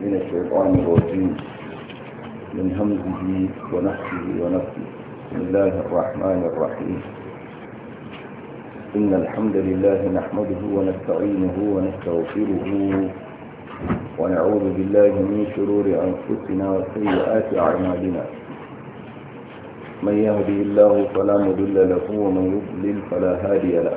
من الشيطان الرجيم من همزه ونفسه ونفسه بسم الله الرحمن الرحيم إن الحمد لله نحمده ونستعينه ونستغفره ونعوذ بالله من شرور أنفسنا وسيئات أعمالنا من يهدي الله فلا مضل له ومن يضلل فلا هادي له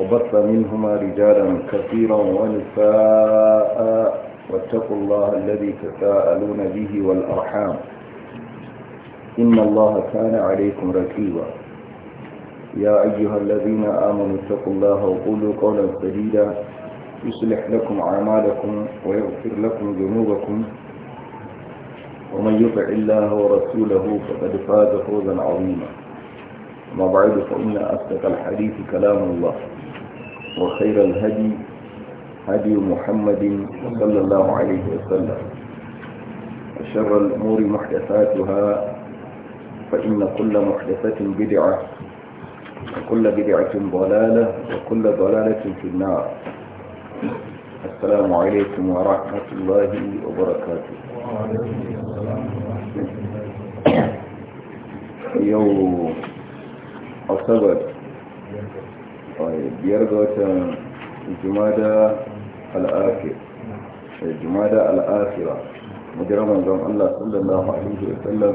وبث منهما رجالا كثيرا ونساء واتقوا الله الذي تساءلون به والأرحام إن الله كان عليكم ركيبا يا أيها الذين آمنوا اتقوا الله وقولوا قولا سديدا يصلح لكم أعمالكم ويغفر لكم ذنوبكم ومن يطع الله ورسوله فقد فاز فوزا عظيما وما بعد فإن أصدق الحديث كلام الله وخير الهدي هدي محمد صلى الله عليه وسلم وشر الأمور محدثاتها فإن كل محدثة بدعة وكل بدعة ضلالة وكل ضلالة في النار السلام عليكم ورحمة الله وبركاته يوم أصبت biyar ga watan jumada al'afir eh, jumada al'afira majalar manzon Allah sallallahu alaihi wa sallam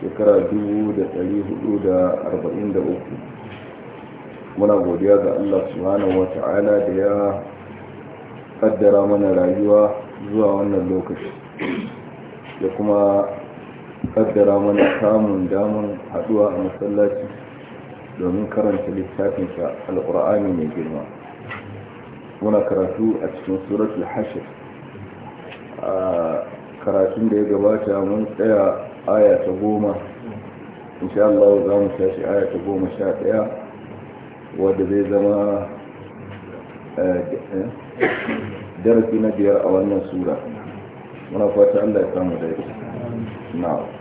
shekara 1443 muna godiya ga Allah subhanahu wa ta'ala da ya kaddara mana rayuwa zuwa wannan lokaci ya kuma kaddara mana samun damar haduwa a masallaci domin karanta littafinsa al'ur'ani mai girma muna karatu a cikin suratul hashir a karatun da ya gabata mun tsaya aya ta goma insha Allah za mu tashi aya ta goma sha ɗaya wadda zai zama eh, darasi na biyar a wannan sura muna fata Allah ya samu daidai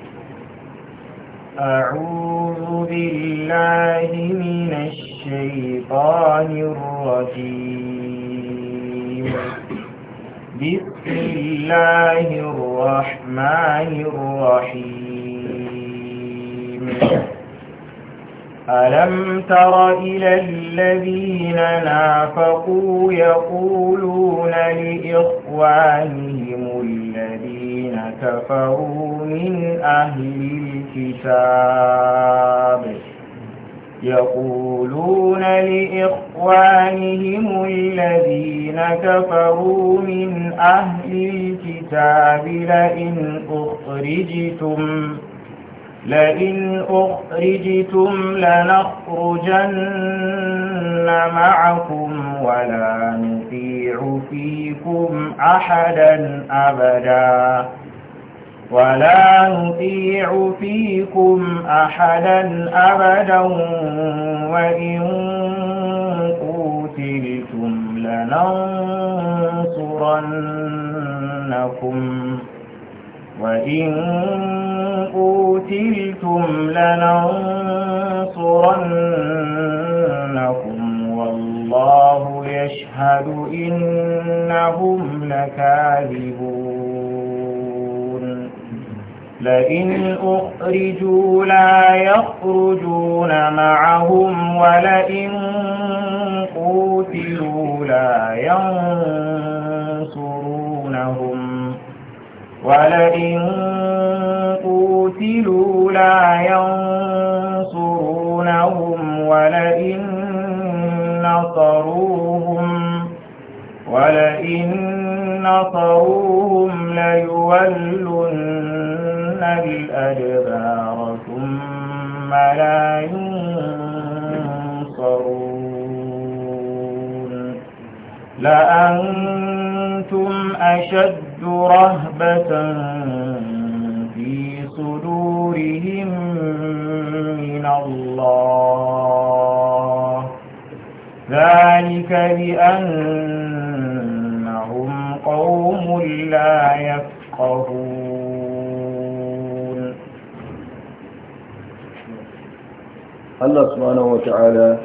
أعوذ بالله من الشيطان الرجيم بسم الله الرحمن الرحيم ألم تر إلى الذين نافقوا يقولون لإخوانهم الذين كفروا من أهل الكتاب يقولون لإخوانهم الذين كفروا من أهل الكتاب لئن أخرجتم لئن أخرجتم لنخرجن معكم ولا نطيع فيكم أحدا أبداً ولا نطيع فيكم أحدا أبدا وإن قوتلتم لننصرنكم وإن قوتلتم لننصرنكم والله يشهد إنهم لكاذبون لئن أخرجوا لا يخرجون معهم ولئن قوتلوا لا ينصرونهم ولئن قوتلوا لا ينصرونهم ولئن نصروهم ولئن نصروهم ليولن يولون الأدبار ثم لا ينصرون لأنتم أشد رهبة في صدورهم من الله ذلك بأنهم قوم لا يفقهون Allah subhanahu wata'ala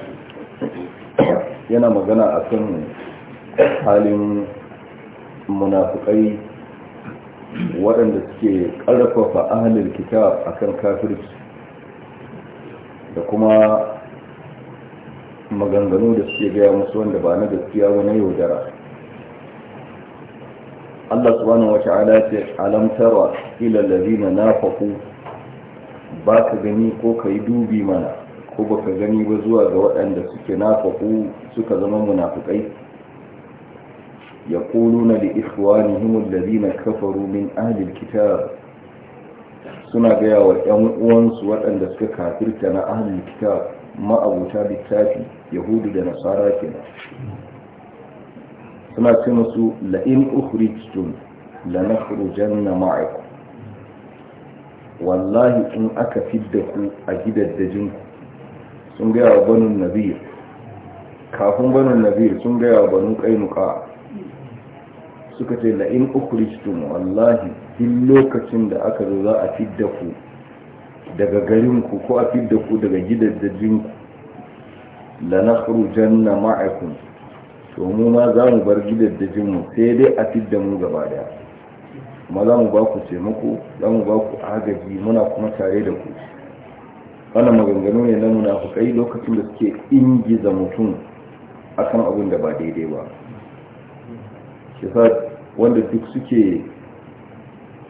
yana magana akan halin munafukai waɗanda suke ƙarfafa ahalin a akan kafirci da kuma maganganu da suke gaya musu wanda ba na gaskiya ba na yaudara Allah subhanahu wata'ala ce alamtarwa ila na nafaku ba ka gani ko ka yi dubi mana ko ka gani ba zuwa ga waɗanda suke nafaku suka zama munafukai yaquluna li ikhwanihim alladhina kafaru min ahli alkitab suna gaya wa 'yan uwansu waɗanda suka kafirta na ahli alkitab ma'abuta littafi yahudu da nasara kenan suna ce musu la'in ukhrijtum lanakhrujanna ma'akum wallahi in aka fidda ku a gidaddajinku sun gaya wa banin nabiya kafin banin nabiya sun gaya wa banu kainuka suka ce la'in in ukhrijtum wallahi din lokacin da aka zo za a fidda ku daga garin ku ko a fidda ku daga gidajen ku la nakhrujanna ma'aikun to mu ma za mu bar gidajen mu sai dai a fidda mu gaba daya kuma za mu ba ku taimako za mu ba ku agaji muna kuma tare da ku wannan maganganu ne na kai lokacin da suke ingiza mutum a kan abin da ba daidai ba shi sa wanda duk suke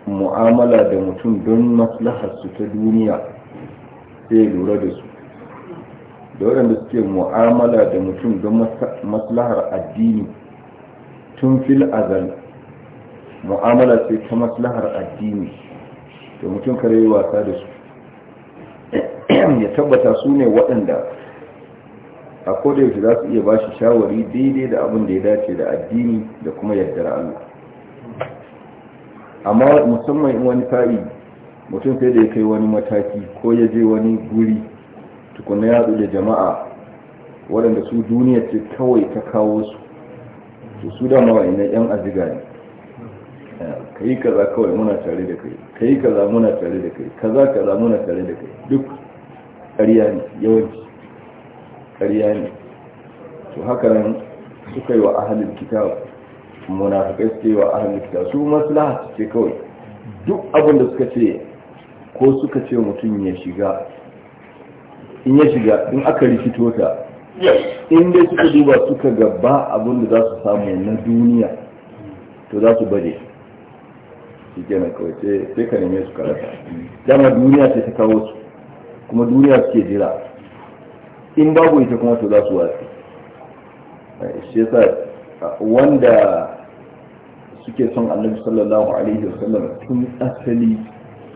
mu'amala da mutum don maslahar su ta duniya sai lura da su da waɗanda suke mu'amala da mutum don maslahar addini tun fil azal mu'amala sai ta maslahar addini da mutum kare wasa da su ya tabbata su ne waɗanda a kodayaushe za su iya ba shi shawari daidai da abin da ya dace da addini da kuma yardar Allah amma musamman in wani sa'i mutum sai da ya kai wani mataki ko ya je wani guri tukuna ya da jama'a waɗanda su duniya ce kawai ta kawo su to su da mawai na yan aziga ne ka yi kaza kawai muna tare da kai ka yi kaza muna tare da kai kaza kaza muna tare da kai ƙarya ne yawanci ƙarya ne to haka nan suka yi wa ahalin kita munafikai suka yi wa ahalin kita su maslaha ce kawai duk abin da suka ce ko suka ce mutum ya shiga in ya shiga in aka rikito ta in dai suka duba suka ga ba abin da za su samu na duniya to za su bade shi kenan kawai sai ka neme su karata dama duniya ce ta kawo su kuma duniya suke jira in babu ita kuma to za su watsi shi yasa wanda suke son annabi sallallahu alaihi wasallam tun asali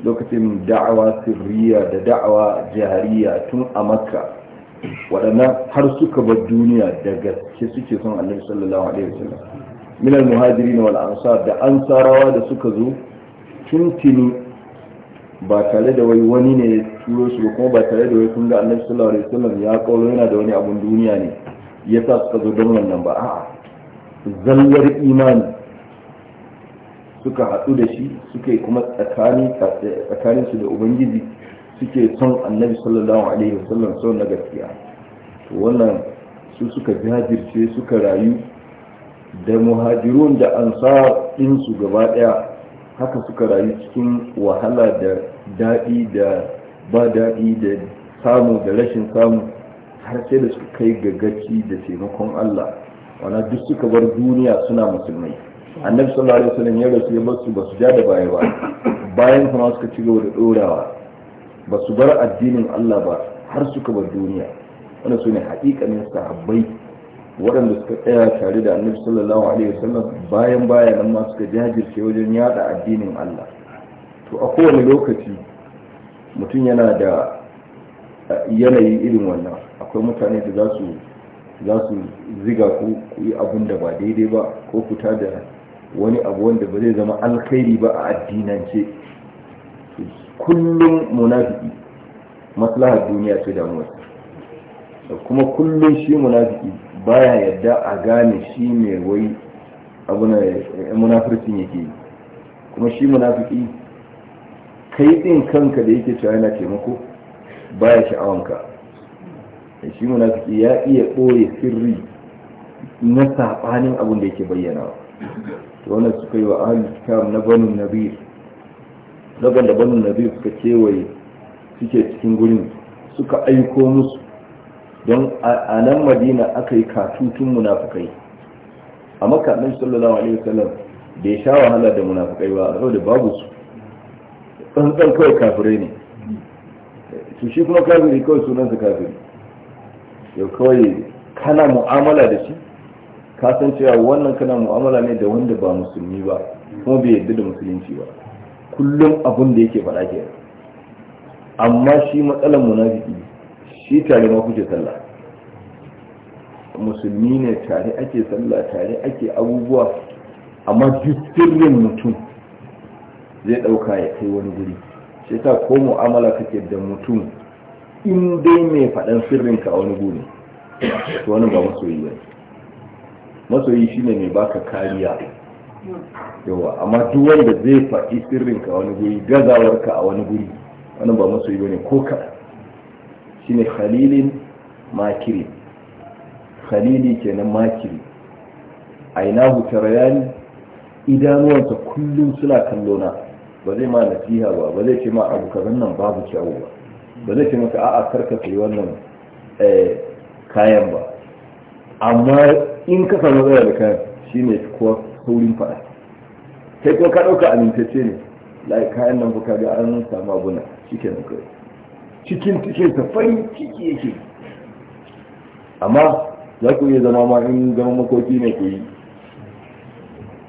lokacin da'awa sirriya da da'awa jihariya tun a makka waɗannan har suka bar duniya da gaske suke son annabi sallallahu alaihi wasallam min al-muhajirin wal ansar da ansarawa da suka zo tun tuni ba tare da wai wani ne turo shi kuma ba tare da wai kun ga annabi sallallahu alaihi wasallam ya kawo yana da wani abun duniya ne yasa suka zo don wannan ba a'a zallar imani suka haɗu da shi suke kuma tsakanin su da ubangiji suke son annabi sallallahu alaihi wasallam son na gaskiya to wannan su suka jajirce suka rayu da muhajirun da ansar ɗinsu gaba ɗaya haka suka rayu cikin wahala da daɗi da ba daɗi da samu da rashin samu har sai da su kai ga gaci da taimakon Allah wana duk suka bar duniya suna musulmai annabi sallallahu alaihi wasallam ya rasu ya bar su basu ja da baya ba bayan kuma suka ci gaba da dorawa ba su bar addinin Allah ba har suka bar duniya wannan sune haƙiƙanin sahabbai waɗanda suka tsaya tare da annabi sallallahu alaihi wasallam bayan bayan nan ma suka jajirce wajen yada addinin Allah to a kowane lokaci mutum yana da eh, yanayi irin wannan akwai mutane da za su ziga ku yi abun da ba daidai ba ko fita da wani abu wanda ba zai zama alkhairi ba a addinance kullum munafiki maslahar duniya ce mutu kuma kullum shi munafiki baya yadda a gane shi mai wai abu na eh, munafircin yake kuma shi munafiki kai din kanka da yake cewa yana taimako baya sha'awanka shi munafiki ya iya ɓoye sirri na saɓanin abin da yake bayyana to wannan suka yi wa ahlul kitab na banu nabir daban da banu nabir suka kewaye suke cikin gurin suka aiko musu don a nan madina aka yi katutun munafukai a makamai sallallahu alaihi wasallam bai sha wahala da munafukai ba a da babu su tsantsan kawai kafirai ne to shi kuma kafiri kawai sunansa kafiri yau kawai kana mu'amala da shi ka san cewa wannan kana mu'amala ne da wanda ba musulmi ba kuma bai yarda da musulunci ba kullum abin da yake faɗa ke amma shi matsalar munafiki shi tare ma kuke sallah musulmi ne tare ake sallah tare ake abubuwa amma duk sirrin mutum zai ɗauka ya kai wani guri shi ta ko mu'amala kake da mutum in dai mai faɗan sirrinka a wani guri su wani ba masoyi ba masoyi ne mai baka kariya yawa amma duk wanda zai faɗi sirrinka a wani guri gazawarka a wani guri wani ba masoyi ba ne ko kaɗan shine khalilin makiri khalili kenan makiri ainahu tarayani idanuwansa kullum suna kallona ba zai ma nasiha ba ba zai ce ma abu kazan nan babu kyawu ba ba zai ce maka a'a karka sai wannan eh, kayan ba amma in ka samu zai da kayan shine kuwa saurin faɗa kai kuma ka ɗauka amintacce ne lai kayan nan buka ga an samu abu na cikin kai cikin cikin ta ciki yake amma za ku iya zama ma in zama makoki ne ku yi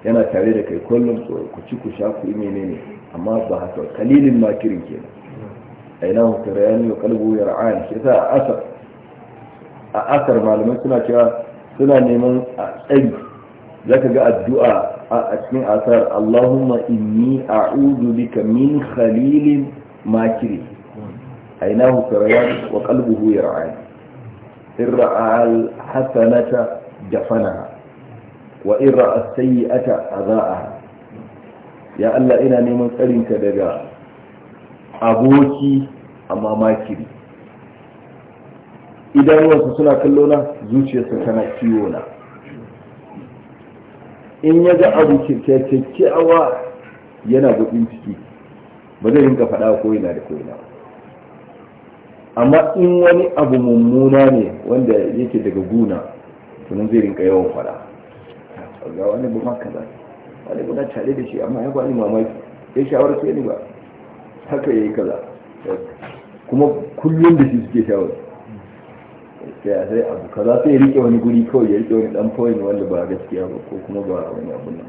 yana tare da kai kullum ku ci ku sha ku yi menene amma ba haka kalilin makirin kenan aina hukar yani wa kalbu yar'an shi ta asar a asar malamai suna cewa suna neman a tsayi zaka ga addu'a a cikin asar Allahumma inni a a'udhu bika min khalilin makiri aina hukar yani wa kalbu yar'an in ra'a al-hasanata dafanaha wa in ra'a as-sayyi'ata adha'aha ya Allah ina neman tsarinka daga aboki amma makiri wasu suna kallo na zuciyarsa tana ciwo na in ya ga abu kyakkyawa yana gudun ciki ba zai rinka faɗa ko yana da ko'ina amma in wani abu mummuna ne wanda yake daga guna tunan zai rinka yawan faɗa ga wani bu haka wani muna tare da shi amma ya bani mamaki ya shawar sai ni ba haka ya yi kaza kuma kullum da shi suke shawar sai sai abu kaza sai ya rike wani guri kawai ya rike wani dan point wanda ba gaskiya ba ko kuma ba wani abu nan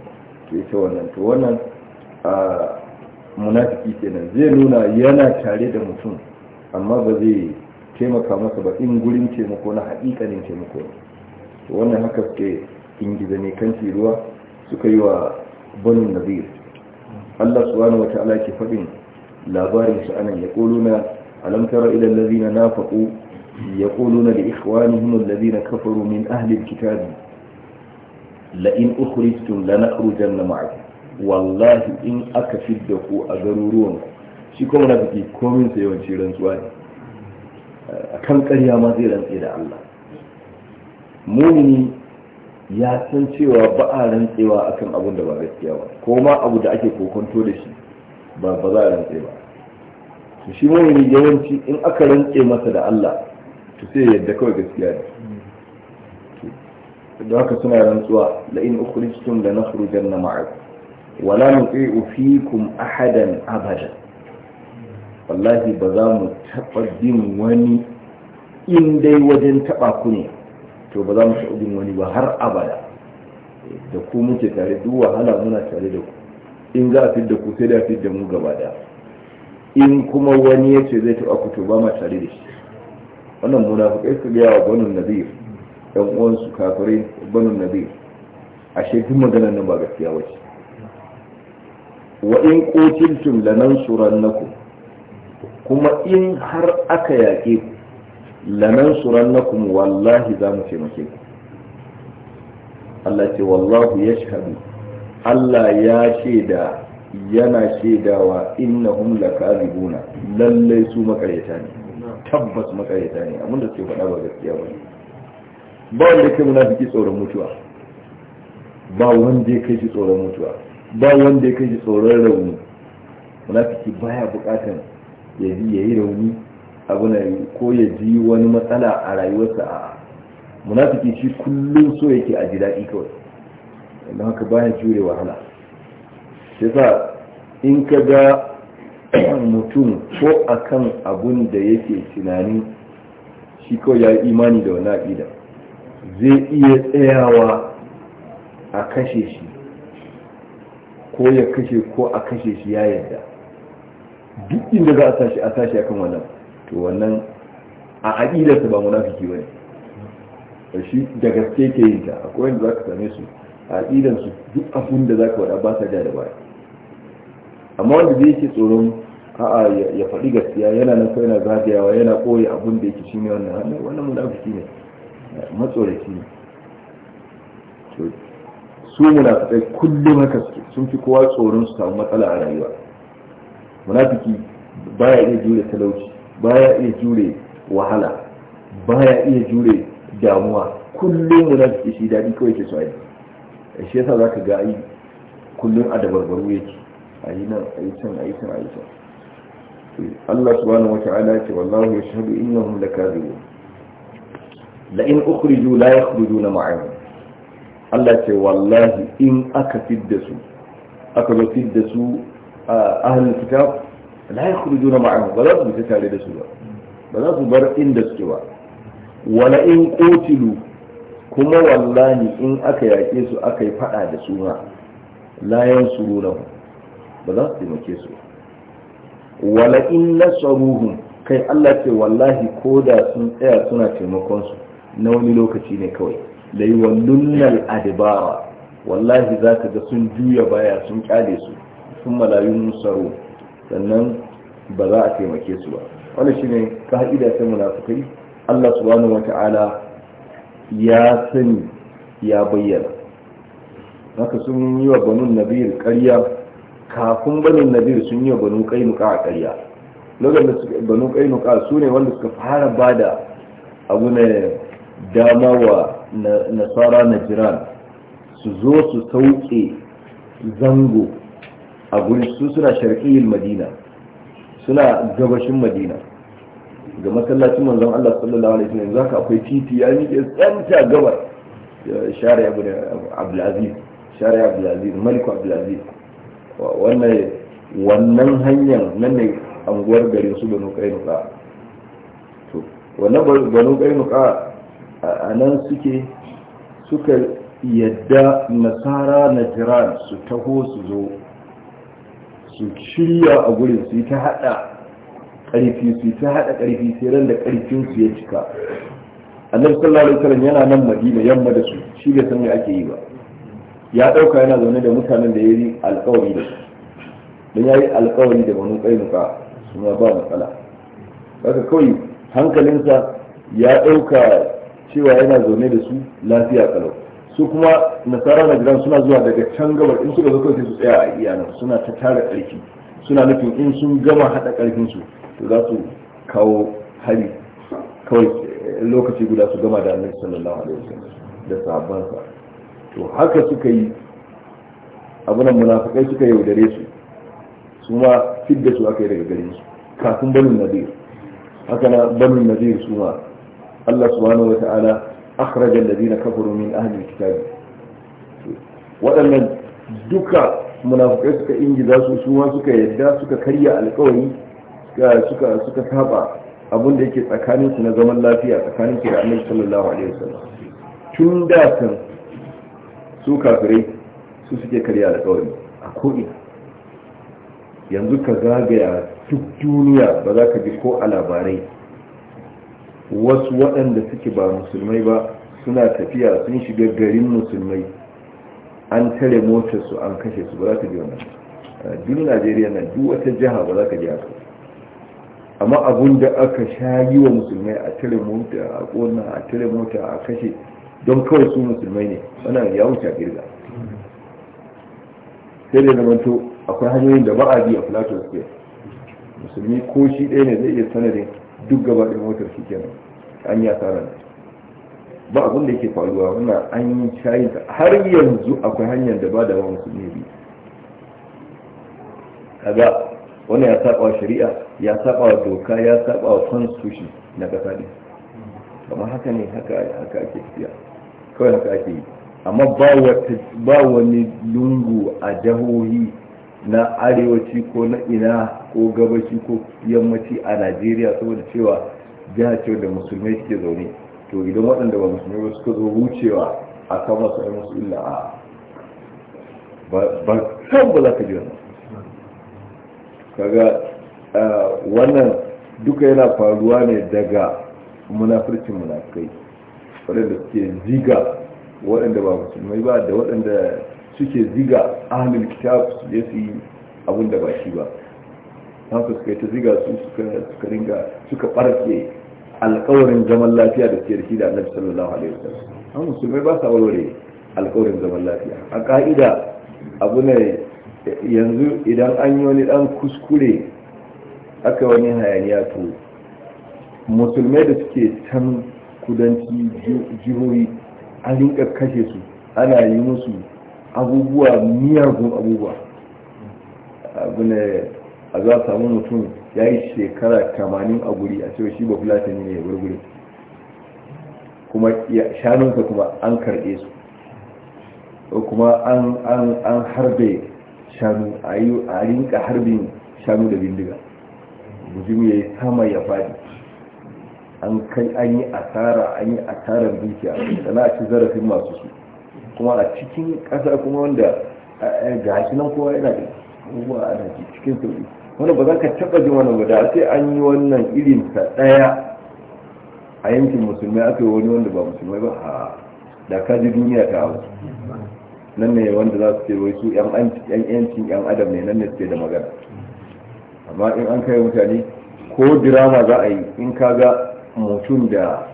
to ita wannan to wannan a munafiki kenan zai nuna yana tare da mutum amma ba zai taimaka masa ba in gurin taimako na hakikanin taimako wannan haka suke ingizane ne kan ruwa suka yi wa bani nazir Allah subhanahu wa ta'ala ke faɗin labarin su anan ya kuluna na faɗo ya allazina nafaqu yaquluna li ikhwanihim allazina kafaru min ahli alkitab la in ukhrijtum lanakhrujanna ma'akum wallahi in aka fidda ku a garuruwan shi kuma na fiki komin sa yawanci rantsuwa ne a kan ƙarya ma zai da Allah mumini ya san cewa ba a rantsewa akan abin da ba gaskiya ba ko ma abu da ake kokonto da shi ba ba za a rantse ba to shi mumini yawanci in aka rantse masa da Allah to sai yadda kawai gaskiya ne da haka suna rantsuwa la in ukhrijtum la nakhrujanna ma'akum wa la nuti'u fikum ahadan abada wallahi ba za mu taɓa bin wani in dai wajen taɓa ku ne to ba za mu taɓa wani ba har abada da ku muke tare duk wahala muna tare da ku in za a fi da ku sai da fi da mu gaba da in kuma wani ya ce zai taɓa ku to ba ma tare da shi wannan munafukai su biya wa gwanin nazir ɗan uwansu kafirai gwanin nazir ashe duk maganar nan ba gaskiya wace wa in qutiltum lanansurannakum kuma in har aka yaƙe ku kuma wallahi za mu taimake ku Allah ce wallahu ya yashhadu Allah ya shaida yana shaidawa innahum lakazibuna Lallai su makaryata ne tabbas makaryata ne amma da suke faɗa ba gaskiya ba ne ba wanda kai munafiki tsoron mutuwa ba wanda ya kai shi tsoron mutuwa ba wanda ya kai shi tsoron rauni munafiki baya bukatan ya yi rauni abu na ko ya ji wani matsala a rayuwarsa a munafiki shi kullum so yake a ji daɗi kawai don haka baya jure wahala shi sa in ka ga mutum ko a kan abun da yake tunani shi kawai ya yi imani da wani aƙida zai iya tsayawa a kashe shi ko ya kashe ko a kashe shi ya yadda duk inda za a sashi a sashi akan wannan to wannan a aƙidarsa ba munafiki ba ne shi da gaske ke yin ta akwai wanda za ka same su a aƙilarsu duk abin da za ka wada ba sa ja da baya amma wanda zai ke tsoron a'a ya faɗi gaskiya yana nan ko yana zagayawa yana koyi abin da yake shi ne wannan hannun wannan munafiki ne matsoraki ne su munafikai kullum haka sun fi kowa tsoron su samu matsala a rayuwa munafiki baya iya jure talauci baya iya jure wahala baya iya jure damuwa kullum da shi daɗi kawai ke so a shi yasa za ka ga ai kullum a dabarbaru yake a yi nan a yi can a yi can a yi can Allah subhanahu wa ta'ala ce wallahu yashhadu innahum lakazibun la in ukhriju la yakhrujuna ma'ahum Allah ce wallahi in aka fidda su aka zo fidda su ah, ahlul kitab la yakhrujuna ma'ahu ba za su fita tare da su ba ba za su bar inda suke ba wala in kuma wallani in aka yake su aka yi fada da su ma la yansurunahu ba za su taimake su wala in kai Allah ce wallahi ko da sun tsaya suna taimakon su na wani lokaci ne kawai da yi wallunnal wallahi za ka ga sun juya baya sun kyale su sun malayun musaro sannan ba za a taimake su ba wannan ka ka'ida ta munafikai Allah subhanahu ta'ala ya sani ya bayyana haka sun yi wa banun nabir ƙarya kafin banin nabir sun yi wa banun kainu a ƙarya lokacin da kainu kainuka su ne wanda suka fara bada abu na dama wa nasara na jiran su zo su sauke zango a guri su suna sharqiyyar madina suna gabashin madina ga masallacin manzon Allah sallallahu alaihi wasallam zaka akwai titi ya nike tsanta gabar shari'a ibn Abdul Aziz shari'a Abdul Aziz Malik Abdul Aziz wannan wannan hanyar nan ne anguwar garin su Banu Qainuqa to wannan Banu Qainuqa a nan suke suka yadda nasara na jiran su taho su zo su shirya a gurin su yi ta haɗa ƙarfi su yi ta haɗa ƙarfi sai ran da ƙarfin su ya cika annabi sallallahu alaihi wasallam yana nan madina yamma da su shi bai san me ake yi ba ya ɗauka yana zaune da mutanen da ya yi alƙawari da su don ya alƙawari da banu su ma ba matsala haka kawai hankalinsa ya ɗauka cewa yana zaune da su lafiya kalau su kuma nasara na gidan suna zuwa daga can gabar in suka zo su tsaya a iya suna ta tara karfi suna nufin in sun gama haɗa ƙarfinsu to za su kawo hari kawai eh, lokaci guda su gama da annabi sallallahu alaihi wasallam da sa to haka suka yi abunan munafikai suka yaudare su su ma fidda su aka yi daga garin su kafin banin nadir haka na banin nadir su ma Allah subhanahu wa ta'ala akhraja alladhina kafaru min ahli kitabi waɗannan duka munafukai suka ingiza su su ma suka yadda suka karya alkawari suka suka saba abin da yake tsakanin su na zaman lafiya tsakanin su da annabi sallallahu alaihi wasallam tun da kan su kafirai su suke karya alkawari a ko'ina yanzu ka zagaya duk duniya ba za ka ji ko a labarai wasu waɗanda suke ba musulmai ba suna tafiya sun shiga garin musulmai an tare motarsu an kashe su ba za ka ji wannan duk najeriya na duk wata jiha ba za ka ji haka amma abun da aka sha yi wa musulmai a tare mota a kona a tare mota a kashe don kawai su musulmai ne wannan ya wuce girga sai da zamanto akwai hanyoyin da ba a bi a plateau square musulmi ko shi ɗaya ne zai iya sanadin duk gaba da motar shi kenan an ya tsara ba abin da yake faruwa muna an yi shayin har yanzu akwai hanyar da ba da wani su ne kaga wani ya saba wa shari'a ya saba wa doka ya saba wa constitution na kasa ne kamar haka ne haka haka ake tafiya kawai haka ake yi amma ba wani lungu a jahohi na arewaci ko na ina ko gabaci ko yammaci a najeriya saboda cewa jiha ce da musulmai suke zaune to idan waɗanda ba musulmai ba suka zo wucewa a kan wasu ɗan musu illa a ba kan ba za ka ji wannan kaga wannan duka yana faruwa ne daga munafircin munafikai waɗanda suke ziga waɗanda ba musulmai ba da waɗanda suke ziga ahlul kitab su je su yi abin da ba shi ba haka suka yi ta ziga su suka ringa suka barke alkawarin zaman lafiya da suke da shi da annabi sallallahu alaihi wasallam an musulmai ba sa warware alkawarin zaman lafiya a ka'ida abu ne yanzu idan an yi wani dan kuskure aka wani hayaniya to musulmai da suke can kudanci jihohi an rinka kashe su ana yi musu abubuwa miyagun abubuwa ne a za samu mutum ya yi shekara tamanin a guri a cewa shi ba fulatani ne ya gurgure kuma shanunsa kuma an karɓe su kuma an harbe shanu a yi a rinka harbin shanu da bindiga mutum ya yi sama ya faɗi an kai an yi asara an yi asarar dukiya sana a ci zarafin masu su kuma a cikin ƙasa kuma wanda ga shi nan kowa yana da abubuwa a nan cikin sauƙi wanda ba za ka taɓa jin wannan ba da sai an yi wannan irin ta ɗaya a yankin musulmai aka yi wani wanda ba musulmai ba a da ka ji duniya ta hau nan ne wanda za su ce wai su yan yancin yan adam ne nan ne suke da magana amma in an kai mutane ko dirama za a yi in ka ga mutum da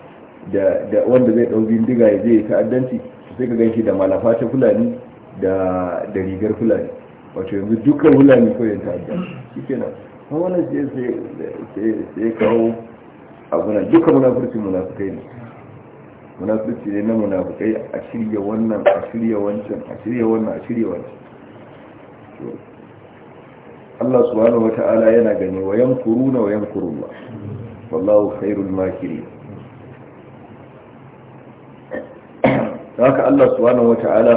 wanda zai ɗau bindiga ya je ta'addanci sai ka ganki da malafa ta fulani da rigar fulani wato yanzu dukkan fulani ko shi ke nan ha wannan sai sai sai kawo abuna duka munafurci munafukai ne munafurci ne na munafukai a shirya wannan a shirya wancan a shirya wannan a shirya wancan Allah subhanahu ta'ala yana gani wa na wa ba wallahu khairul makirin don haka Allah subhanahu wata'ala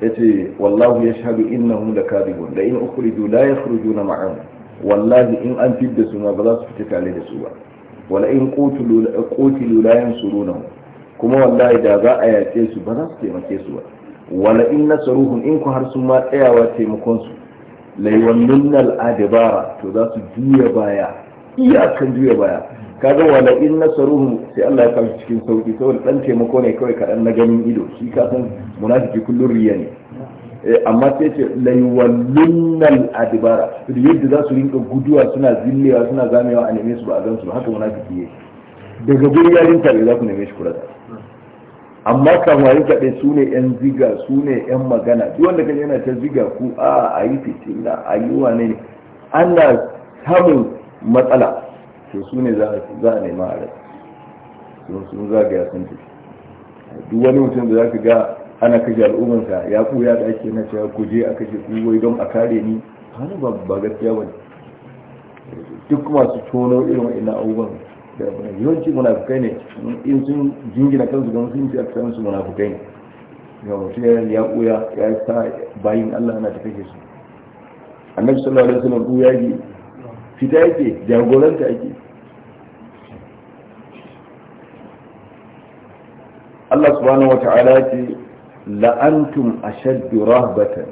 yace wallahu yashhadu innahum lakadibun la in ukhriju la yakhrujuna ma'an wallahi in an fidda su ma ba za su fita tare da su ba wala in qutilu qutilu la yansurunahum kuma wallahi da za a yace su ba za su taimake su ba wala in nasaruhum in ku har sun ma tsayawa taimakon su laiwannin al'adibara to za su juya baya iyakan juya baya kaga wala in nasaruhum sai Allah ya kawo cikin sauki saboda dan taimako ne kawai kaɗan na ganin ido shi ka san munafiki kullun riya ne eh, amma sai ce laiwallunnal adbara da yadda za su rinka guduwa suna zillewa suna zamewa a neme su ba a gansu ba haka munafiki yake daga gurin yarin tabe za ku neme shi kurata amma kamarin tabe su ne yan ziga su ne yan magana duk wanda kan yana ta ziga ku a ah, a yi fitina a ne ana samun matsala to su ne za a nema a rai za zagaya sun ce. duk wani mutum da za ka ga ana kashe al'ummarsa ya ku da ake na cewa guje a kashe kuwai don a kare ni hannu ba gaskiya ba duk masu tono irin wa'ina abubuwan da abu yawanci munafukai ne in sun jingina kansu don sun ce a kansu munafukai ne ga mutum ya ya ya sa bayin allah ana ta kashe su annabi sallallahu alaihi wasallam ya yi fita yake jagoranta ake Allah subhanahu wata'ala ce la'antum ashaddu rahbatan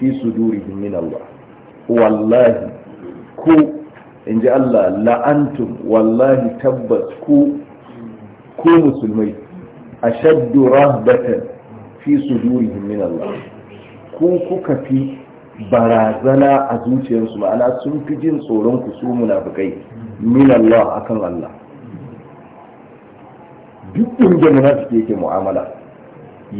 fi sudurihim min Allah wallahi ku inji Allah la'antum wallahi tabbas ku ku musulmai ashaddu rahbatan fi sudurihim min Allah ku kuka fi barazana a zuciyarsu ma'ana sun fi jin tsoron ku su munafukai, min Allah akan Allah duk inda munafiki yake mu'amala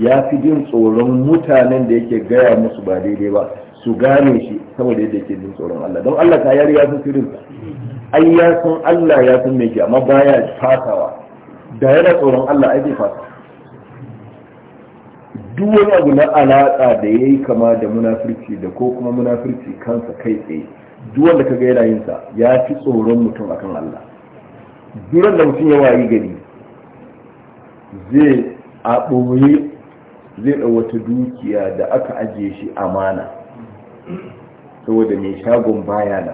ya fi jin tsoron mutanen da yake gaya musu ba daidai ba su gane shi saboda yadda yake jin tsoron Allah don Allah ta yari ya san sirrin ai ya san Allah ya san me ke amma baya fatawa da yana tsoron Allah ai fata duk wani abu na alaƙa da ya yi kama da munafirci da ko kuma munafirci kansa kai tsaye duk wanda ka ga yana yin sa ya fi tsoron mutum akan Allah duk da mutum ya wayi gari zai a ɓoye zai ɗau wata dukiya da aka ajiye shi amana saboda mai shagon baya na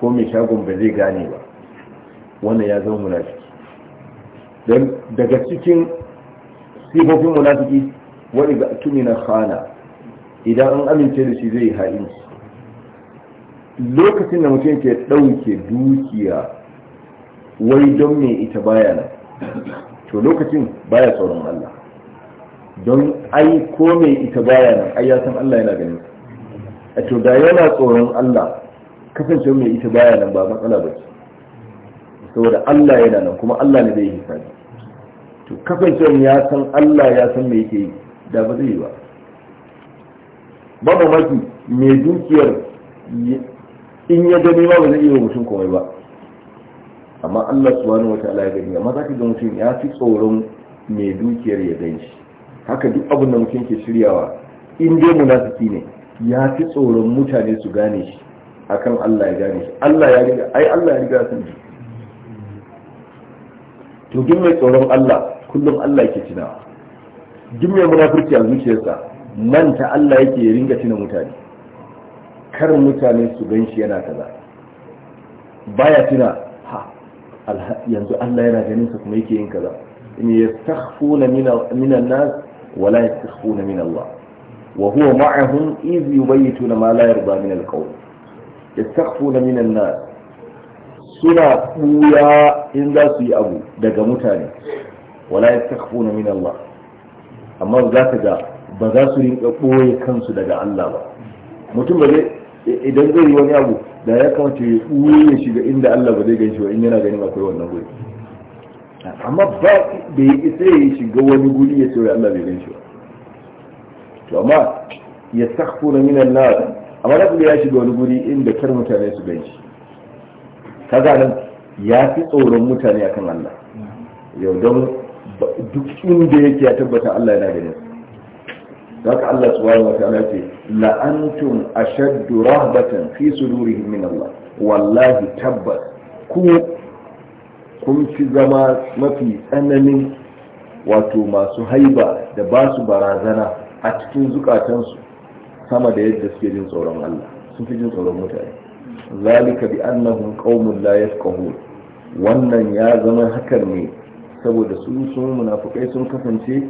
ko mai shagon ba zai gane ba wannan ya zama munafiki daga cikin sifofin munafiki wa idza tumina khana idan an amince da shi zai haɗin lokacin da mutum ke dauke dukiya wai don me ita baya nan to lokacin baya tsoron Allah don ai ko me ita baya nan ai ya san Allah yana ganin a to da yana tsoron Allah kasance me ita baya nan ba matsala ba ce saboda Allah yana nan kuma Allah ne zai hisabi to kasancewar ya san Allah ya san me yake yi da ba zai yi ba Ba maki mai dukiyar in ya gani ba, ba zai iya mutum komai ba amma Allah wani wata ala ya gani amma zaka ga mutum ya fi tsoron mai dukiyar ya gan shi haka duk abin da mutum ke shiryawa in dai munafiki ne ya fi tsoron mutane su gane shi akan Allah ya gane shi Allah ya riga ai Allah ya riga san ji to duk mai tsoron Allah kullum Allah yake tunawa duk mai munafurci a zuciyarsa manta Allah yake ya ringa tuna mutane kar mutane su gan shi yana kaza baya tuna ha yanzu Allah yana ganin sa kuma yake yin kaza in yastakhfuna min minan nas wa la yastakhfuna min Allah wa huwa ma'ahum idh yubayituna ma la yarda min al-qawl yastakhfuna min an-nas suna buya in za su yi abu daga mutane wala yastakhfuna minan Allah amma za ka ga ba za su rinka ɓoye kansu daga Allah ba mutum ba zai idan zai yi wani abu da ya kamata ya ɓoye shi shiga inda Allah ba zai ganshi ba in yana ganin akwai wannan guri amma ba da ya isa ya shiga wani guri ya sauri Allah bai ganshi ba to amma ya sakfu na minan na amma na ya shiga wani guri inda kar mutane su ganshi kaga nan ya fi tsoron mutane akan Allah yau don duk inda yake ya tabbata Allah yana Za ka Allah subhanahu wa ta'ala ce la antum ashaddu rahbatan fi sudurihim min Allah wallahi tabbas ku kun fi zama mafi tsananin wato masu haiba da ba su barazana a cikin zukatansu sama da yadda suke jin tsoron Allah sun fi jin tsoron mutane zalika bi annahum qaumun la yafqahun wannan ya zama hakan ne saboda su sun munafukai sun kasance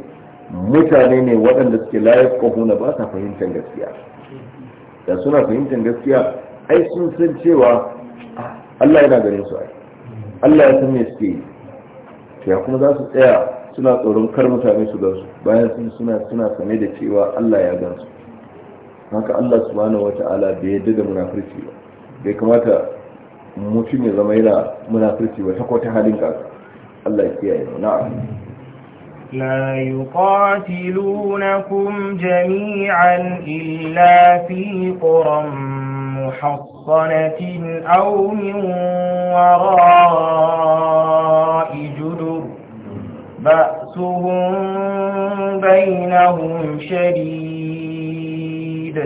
mutane ne waɗanda suke layar kahuna ba sa fahimtar gaskiya da suna fahimtar gaskiya ai sun san cewa ah, Allah yana ganin su ai Allah ya san me suke yi to ya kuma za su tsaya suna tsoron kar mutane su gansu bayan sun suna suna sane da cewa Allah ya gansu haka Allah subhanahu wata'ala bai yadda da munafurci ba bai kamata mutum ya zama yana munafurci ba ta kwata ta halin kaka الله ya نعم لا يقاتلونكم جميعا إلا في قرى محصنة أو من وراء جدر بأسهم بينهم شديد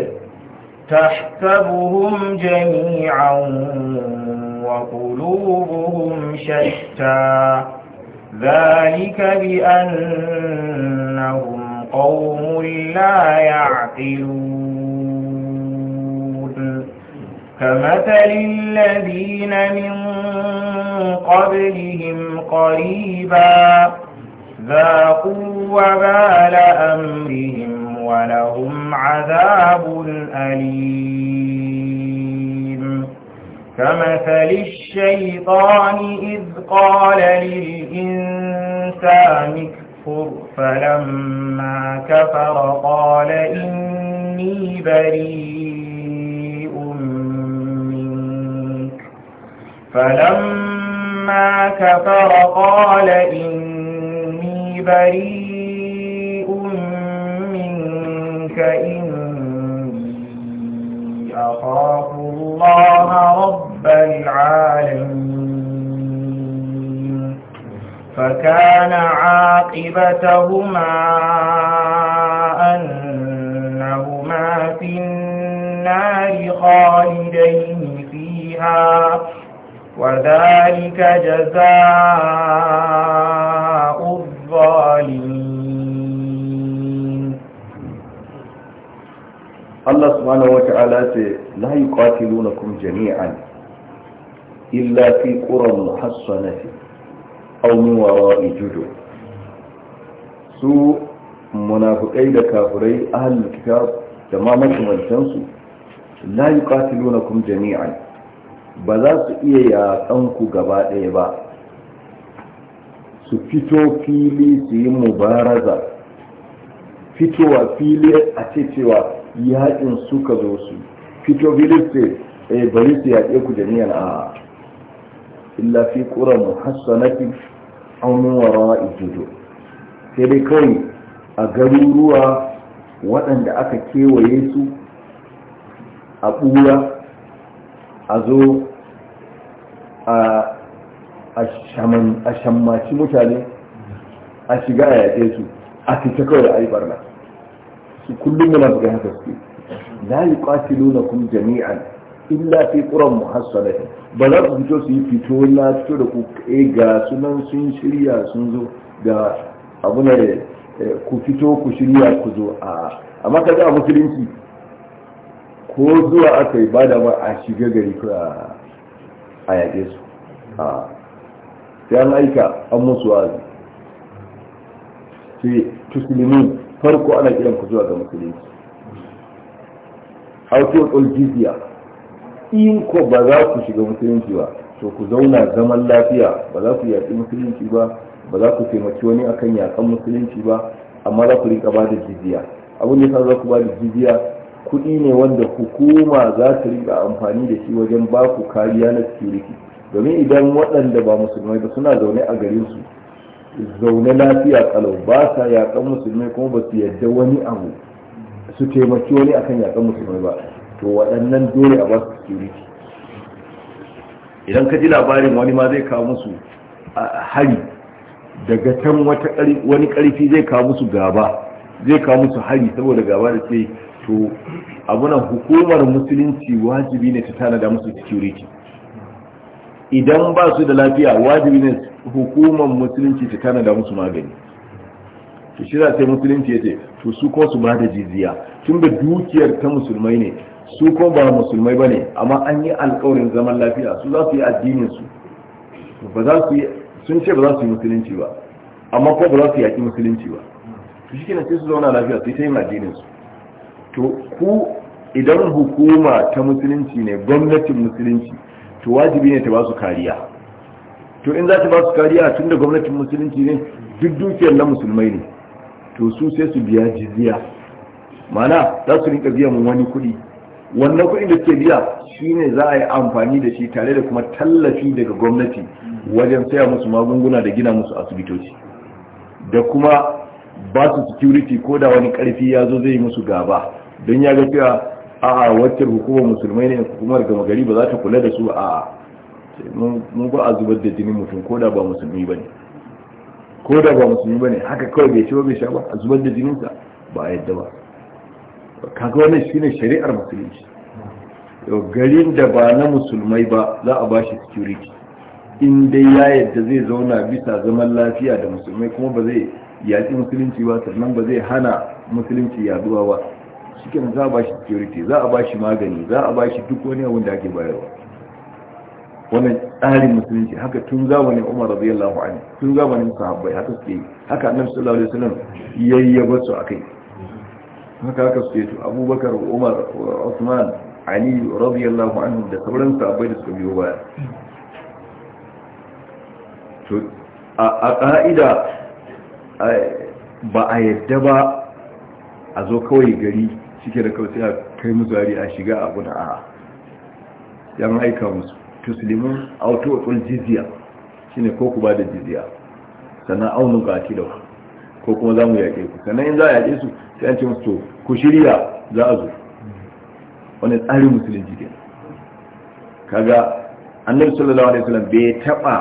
تحسبهم جميعا وقلوبهم شتى ذلك بأنهم قوم لا يعقلون كمثل الذين من قبلهم قريبا ذاقوا وبال أمرهم ولهم عذاب أليم كمثل الشيطان إذ قال للإنسان اكفر فلما كفر قال إني بريء منك فلما كفر قال إني بريء منك إني أخاف الله رب العالمين فكان عاقبتهما أنهما في النار خالدين فيها وذلك جزاء الظالمين الله سبحانه وتعالى la yuqatilunakum jami'an illa fi quran muhassanati aw min wara'i judur su munafiqai da kafirai ahlul kitab da ma makamantan su la yuqatilunakum jami'an ba za su iya yaƙan ku gaba ɗaya ba su fito fili su yi mubaraza fitowa fili a ce cewa yaƙin suka zo su fito biliste eh bari su yaƙe ku jami'an a illa fi ƙura muhassanati aunin warawa ijudo sai dai kawai a garuruwa waɗanda aka kewaye su a ɓura a zo a shammaci mutane a shiga a yaƙe su a fita kawai a yi barna su kullum muna buga haka su la kun jami'an illa fi quran muhassanatin ba za su fito su yi fito na fito da ku ga sunan sun shirya sun zo ga abu ne ku fito ku shirya ku zo a amma ka a musulunci ko zuwa aka yi ba da ba a shiga gari a yaƙe su sai an aika an musu wazi sai tusulmi farko ana kiran ku zuwa ga musulunci auto uljiziya in ko ba za ku shiga musulunci ba to ku zauna zaman lafiya ba za ku yaƙi musulunci ba ba za ku taimaki wani akan yaƙan musulunci ba amma za ku riƙa ba da jiziya abin da za ku ba da jiziya kuɗi ne wanda hukuma za ta riƙa amfani da shi wajen ba ku kariya na security domin idan waɗanda ba musulmai ba suna zaune a garin su zaune lafiya kalau ba sa yaƙan musulmai kuma ba su yadda wani abu su taimaki wani akan yakan musulmai ba to waɗannan dole a basu security idan ka ji labarin wani ma zai kawo musu hari daga can wani ƙarfi zai kawo musu gaba zai kawo musu hari saboda gaba da ce to abunan hukumar musulunci wajibi ne ta tanada musu security idan ba su da lafiya wajibi ne hukumar musulunci ta tanada musu magani to shi za sai musulunci ce to su kuma su ba da jiziya tun da dukiyar ta musulmai ne su ko ba musulmai bane amma an yi alƙawarin zaman lafiya su za su yi addinin su ba za su yi sun ce ba za su yi musulunci ba amma ko ba za su yaki musulunci ba to shi kenan sai su zauna lafiya sai ta yin addinin su to ku idan hukuma ta musulunci ne gwamnatin musulunci to wajibi ne ta ba su kariya to in za ta ba su kariya tun da gwamnatin musulunci ne duk dukiyar na musulmai ne to su sai su biya jizya mana za su rinka mun wani kuɗi wannan kuɗin da suke biya shi ne za a yi amfani da shi tare da kuma tallafi daga gwamnati wajen saya musu magunguna da gina musu asibitoci da kuma ba su security ko da wani karfi ya zo zai musu gaba don ya ga cewa a'a wacce hukumar musulmai ne hukumar gama gari ba za ta kula da su a'a mun ba a zubar da jinin mutum ko da ba musulmi ba ne ko da ba musulmi bane haka kawai bai ci ba bai sha ba a zubar da jininsa ba a yadda ba kaga wannan shine shari'ar musulunci yau garin da ba na musulmai ba za a bashi security in dai ya yadda zai zauna bisa zaman lafiya da musulmai kuma ba zai yaƙi musulunci ba sannan ba zai hana musulunci yaduwa ba shikenan za a bashi security za a bashi magani za a bashi duk wani abin da ake bayarwa wannan tsarin musulunci haka tun zamanin Umar radiyallahu anhu tun zamanin sahabbai haka suke haka annabi sallallahu alaihi wasallam yayyaba su akai haka haka suke to Abubakar Umar Usman, Ali radiyallahu anhu da sauran sahabbai da suka biyo baya to a ka'ida ba a yadda ba a zo kawai gari cike da kawai sai a kai musu a shiga abu da a yan aika musu tuslimun aw tu'tul jizya shine ko ku ba da jizya sannan aunun qatilu ko kuma zamu yake ku sannan in za a yake su sai an ce musu to ku shirya za a zo wannan tsarin musulunci kenan kaga annabi sallallahu alaihi wasallam bai taba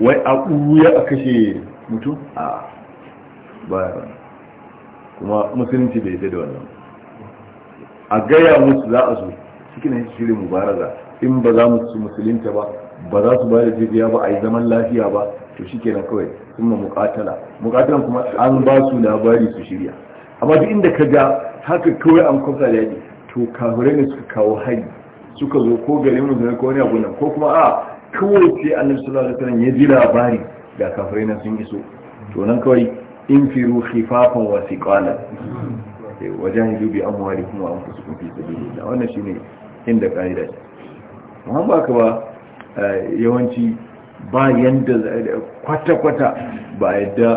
wai a ɓuya a kashe mutum a ba kuma musulunci bai da wannan a gaya musu za a zo cikin shirin mubaraza in ba za mu su musulunta ba ba za su bayar da jizya ba a yi zaman lafiya ba to shikenan kawai sun ma muƙatala muƙatalan kuma an ba su labari su shirya amma duk inda ka ga haka kawai an kwamsa da yaƙi to kafirai ne suka kawo hari suka zo ko garin musulmi ko wani abu nan ko kuma a kawai sai annabi sallallahu alaihi wasallam ya ji labari da kafirai na sun iso to nan kawai firu khifafan wa siqalan wajahidu bi amwalikum wa anfusikum fi sabilillah wannan shine inda kaida ce amma ba ka ba eh, yawanci ba yadda kwata-kwata ba yadda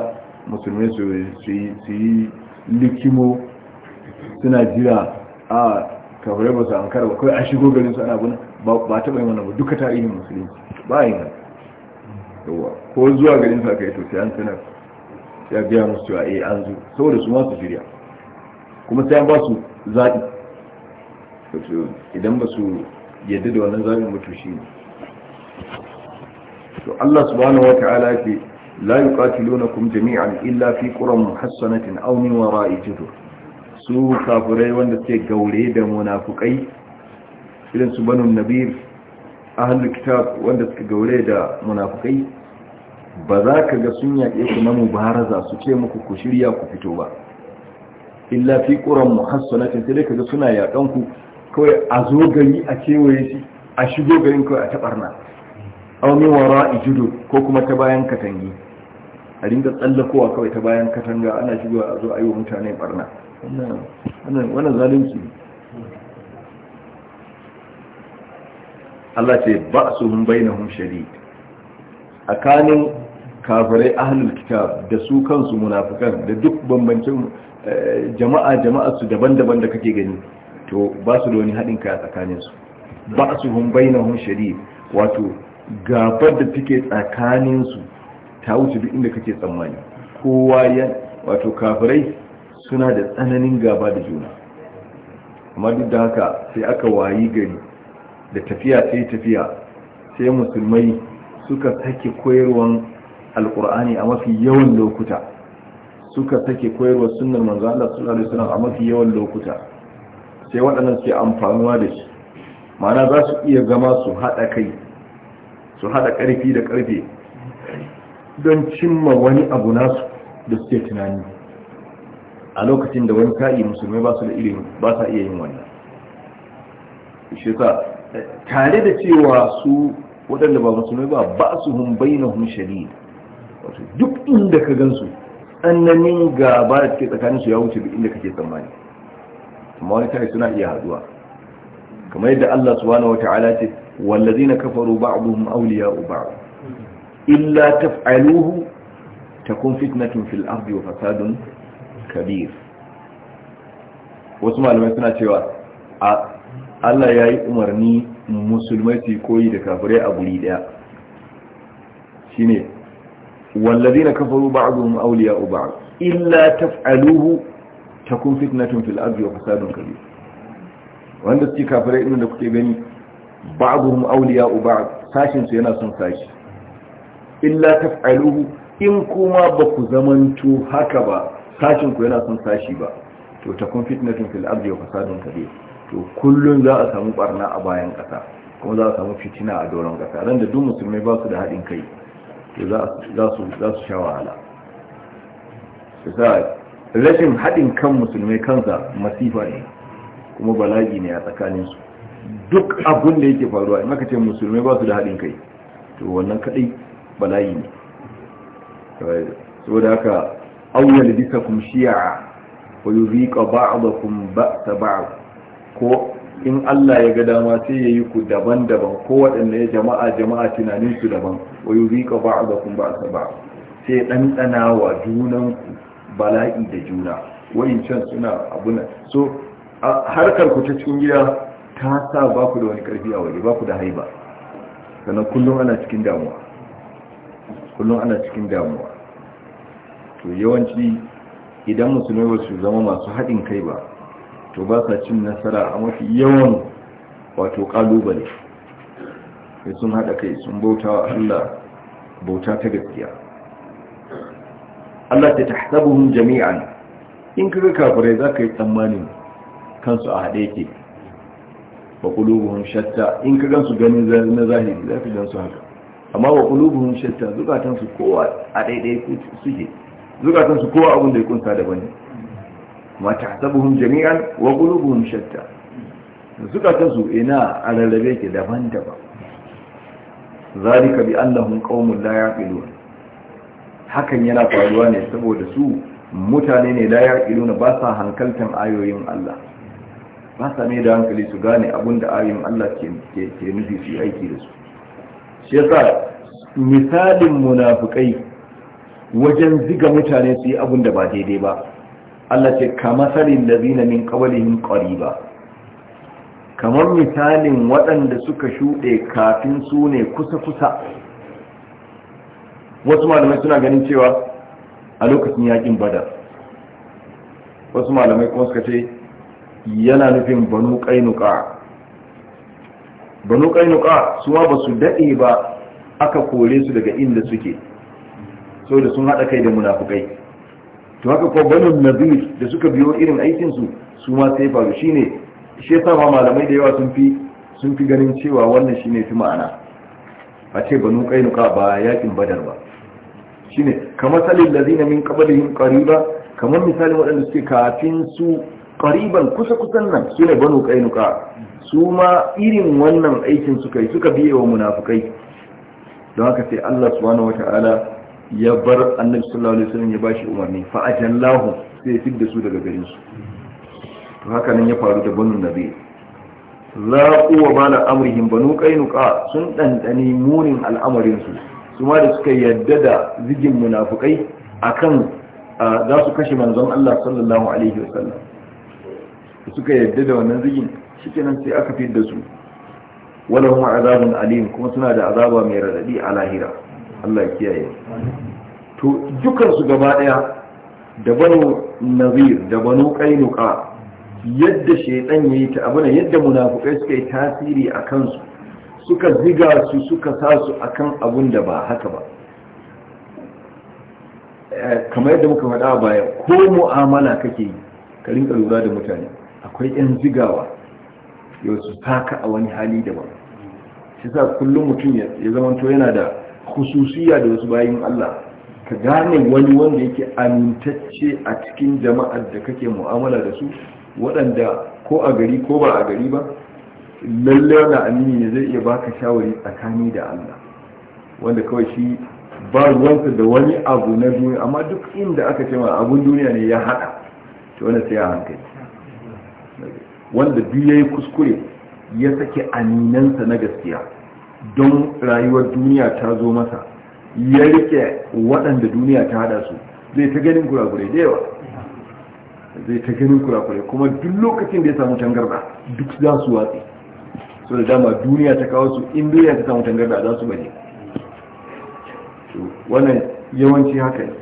musulmi su yi likimo suna jira a kafare ba su an ba, kawai a shigo gari su ana guna ba taɓa yi wannan ba duka ta musulmi ba yin yawa ko zuwa garin su aka yi to an sanar ya biya musu cewa yi eh, an zu saboda su masu shirya kuma sai an ba su zaɓi idan ba su yadda da wannan zamu mutu shi ne to Allah subhanahu wata'ala ce la kuma jami'an illa fi quran muhassanatin aunin min wara'i su kafirai wanda suke gaure da munafukai irin su banu nabir ahlul kitab wanda suka gaure da munafukai ba za ka ga sun yaƙe ku na mubaraza su ce muku ku shirya ku fito ba illa fi ƙuran muhassanatin sai dai ka ga suna yaƙan ku kawai a zo gari a kewaye shi a shigo garin kawai a taɓarna aumin wara ijudo ko kuma ta bayan katangi a ringa tsallakowa kawai ta bayan katanga ana shigo a zo a yi wa mutane barna wannan zalunci Allah ce ba su hun bainahum a kanin kafirai ahlul kitab da su kansu munafikan da duk bambancin eh, jama'a jama'a su daban-daban da kake gani to ba su da wani haɗin kai a tsakaninsu ba su hun hun shari wato gabar da take tsakaninsu ta wuce duk inda kake tsammani kowa ya wato kafirai suna da tsananin gaba da juna amma duk da haka sai aka wayi gari da tafiya sai tafiya sai musulmai suka sake koyarwan alkur'ani a mafi yawan lokuta suka sake koyarwa sunnar manzo Allah sallallahu alaihi wasallam a mafi yawan lokuta sai waɗannan ke amfanuwa da shi mana za su iya zama su haɗa kai su haɗa ƙarfi da ƙarfe don cimma wani abu nasu da suke tunani a lokacin da wani ka'i musulmai ba su da irin ba sa iya yin wannan shi sa tare da cewa su waɗanda ba musulmai ba ba su hun bayyana hun duk inda ka gansu tsananin gaba da tsakanin su ya wuce duk inda kake tsammani amma wani kare suna iya haduwa kamar yadda Allah subhanahu wata'ala ce wallazina kafaru ba'dhum ba'd illa taf'aluhu takun fitnatun fil ardi wa fasadun kabir wasu malamai suna cewa a Allah ya yi umarni musulmai su koyi da kafirai a guri daya shine wallazina kafaru ba'dhum awliya'u ba'd illa taf'aluhu takun fitnatun fil ardi wa fasadun kabir wanda suke kafirai din da kuke gani ba'dhum awliya'u ba'd sashin su yana son sashi illa taf'aluhu in kuma ba ku zamanto haka ba sashin ku yana son sashi ba to takun fitnatun fil ardi wa fasadun kabir to kullum za a samu barna a bayan ƙasa, kuma za a samu fitina a doron ƙasa, ran da duk musulmai ba su da haɗin kai to za su sha wahala rashin haɗin kan musulmai kansa masifa ne kuma bala'i ne a tsakanin su duk abunda da yake faruwa in aka ce musulmai ba su da haɗin kai to wannan kaɗai bala'i ne saboda haka auyal bisa kum shi'a ba yuzika ba ta ba ko in Allah ya ga dama sai ya yi ku daban-daban ko waɗanda ya jama'a jama'a tunanin su daban riƙa ba yuzika ba ta ba sai ɗanɗana wa junan bala'i da juna can suna abuna so harkar ku ta cikin gida ta sa ba ku da wani karfi a waje ba ku da haiba sannan kullum ana cikin damuwa kullum ana cikin damuwa to yawanci idan musulmai ba su zama masu haɗin kai ba to ba sa cin nasara a mafi yawan wato ƙalubale sai sun haɗa kai sun bauta wa Allah bauta ta gaskiya Allah ta tahsabuhum jami'an in kaga kafirai zaka yi tsammanin kansu a hade yake wa qulubuhum shatta in kaga su gani na zahiri zaka gan su haka amma wa qulubuhum shatta zukatan su kowa a daidai suke zukatan su kowa abin da ya kunta daban ne ma tahsabuhum jami'an wa qulubuhum shatta zukatan su ina a rarrabe ke daban-daban zalika bi annahum qaumun la yaqilun hakan yana faruwa ne saboda su mutane ne da ya ƙi nuna ba sa hankaltar ayoyin Allah ba sa mai da hankali su gane abin da ayoyin Allah ke nufi su aiki da su shi yasa misalin munafukai wajen ziga mutane su yi abin da ba daidai ba Allah ce kama salin da zina min ƙwari ba, kamar misalin waɗanda suka shuɗe kafin su ne kusa-kusa wasu malamai suna ganin cewa a lokacin yakin badar wasu malamai kuma suka ce yana nufin banu kainuka banu kainuka su ma ba su daɗe ba aka kore su daga inda suke so da sun haɗa kai da munafukai to haka ko banu Nabil da suka biyo irin aikinsu su ma sai faru ne, shi yasa ma malamai da yawa sun fi sun fi ganin cewa wannan shi ne fi ma'ana a ce banu kainuka ba yakin badar ba shine kamar salin lazina min yin ƙariba, kamar misalin waɗanda suke kafin su ƙariban kusa kusan nan sune banu qainuqa su ma irin wannan aikin suka yi suka biye wa munafukai don haka sai Allah subhanahu wataala ya bar annabi sallallahu alaihi wasallam ya bashi umarni fa ajallahu sai fit da su daga garin su to haka nan ya faru da banu nabi zaqu wa bala amrihim banu qainuqa sun dandani munin al'amarin su su ma da suka yadda da zigin munafukai akan za su kashe manzon Allah sallallahu alaihi wasallam suka yadda da wannan zigin nan sai aka fi da su wadda kuma azabin alim kuma suna da azaba mai raɗaɗi a lahira Allah kiyaye to dukansu gaba ɗaya, da banu nazir da banu ƙainuka yadda ya yayi ta abuna yadda munafukai suka yi tasiri a kansu suka ziga su suka sa su kan abun da ba haka ba eh, kamar yadda muka faɗa a baya ko mu'amala kake yi ka rinka lura da mutane akwai 'yan zigawa yau su taka a wani hali daban shi sa kullum mutum ya zamanto yana da khususiya da wasu bayan Allah ka gane wani wanda yake amintacce a cikin jama'ar da kake mu'amala da su waɗanda ko a gari ko ba a gari ba lalle wani amini ne zai iya baka shawari tsakani da Allah wanda kawai shi ba ruwansa da wani abu na duniya amma duk inda aka ce ma abun duniya ne ya haɗa, to wanda sai a hankali wanda duk yayi kuskure ya sake aminansa na gaskiya don rayuwar duniya ta zo masa ya rike waɗanda duniya ta haɗa su zai ta ganin kurakure da yawa zai ta ganin kurakure kuma duk lokacin da ya samu tangarɗa duk za su watsi su da dama duniya ta kawo su in duniya ta samu tangarda za su bane wannan yawanci haka ne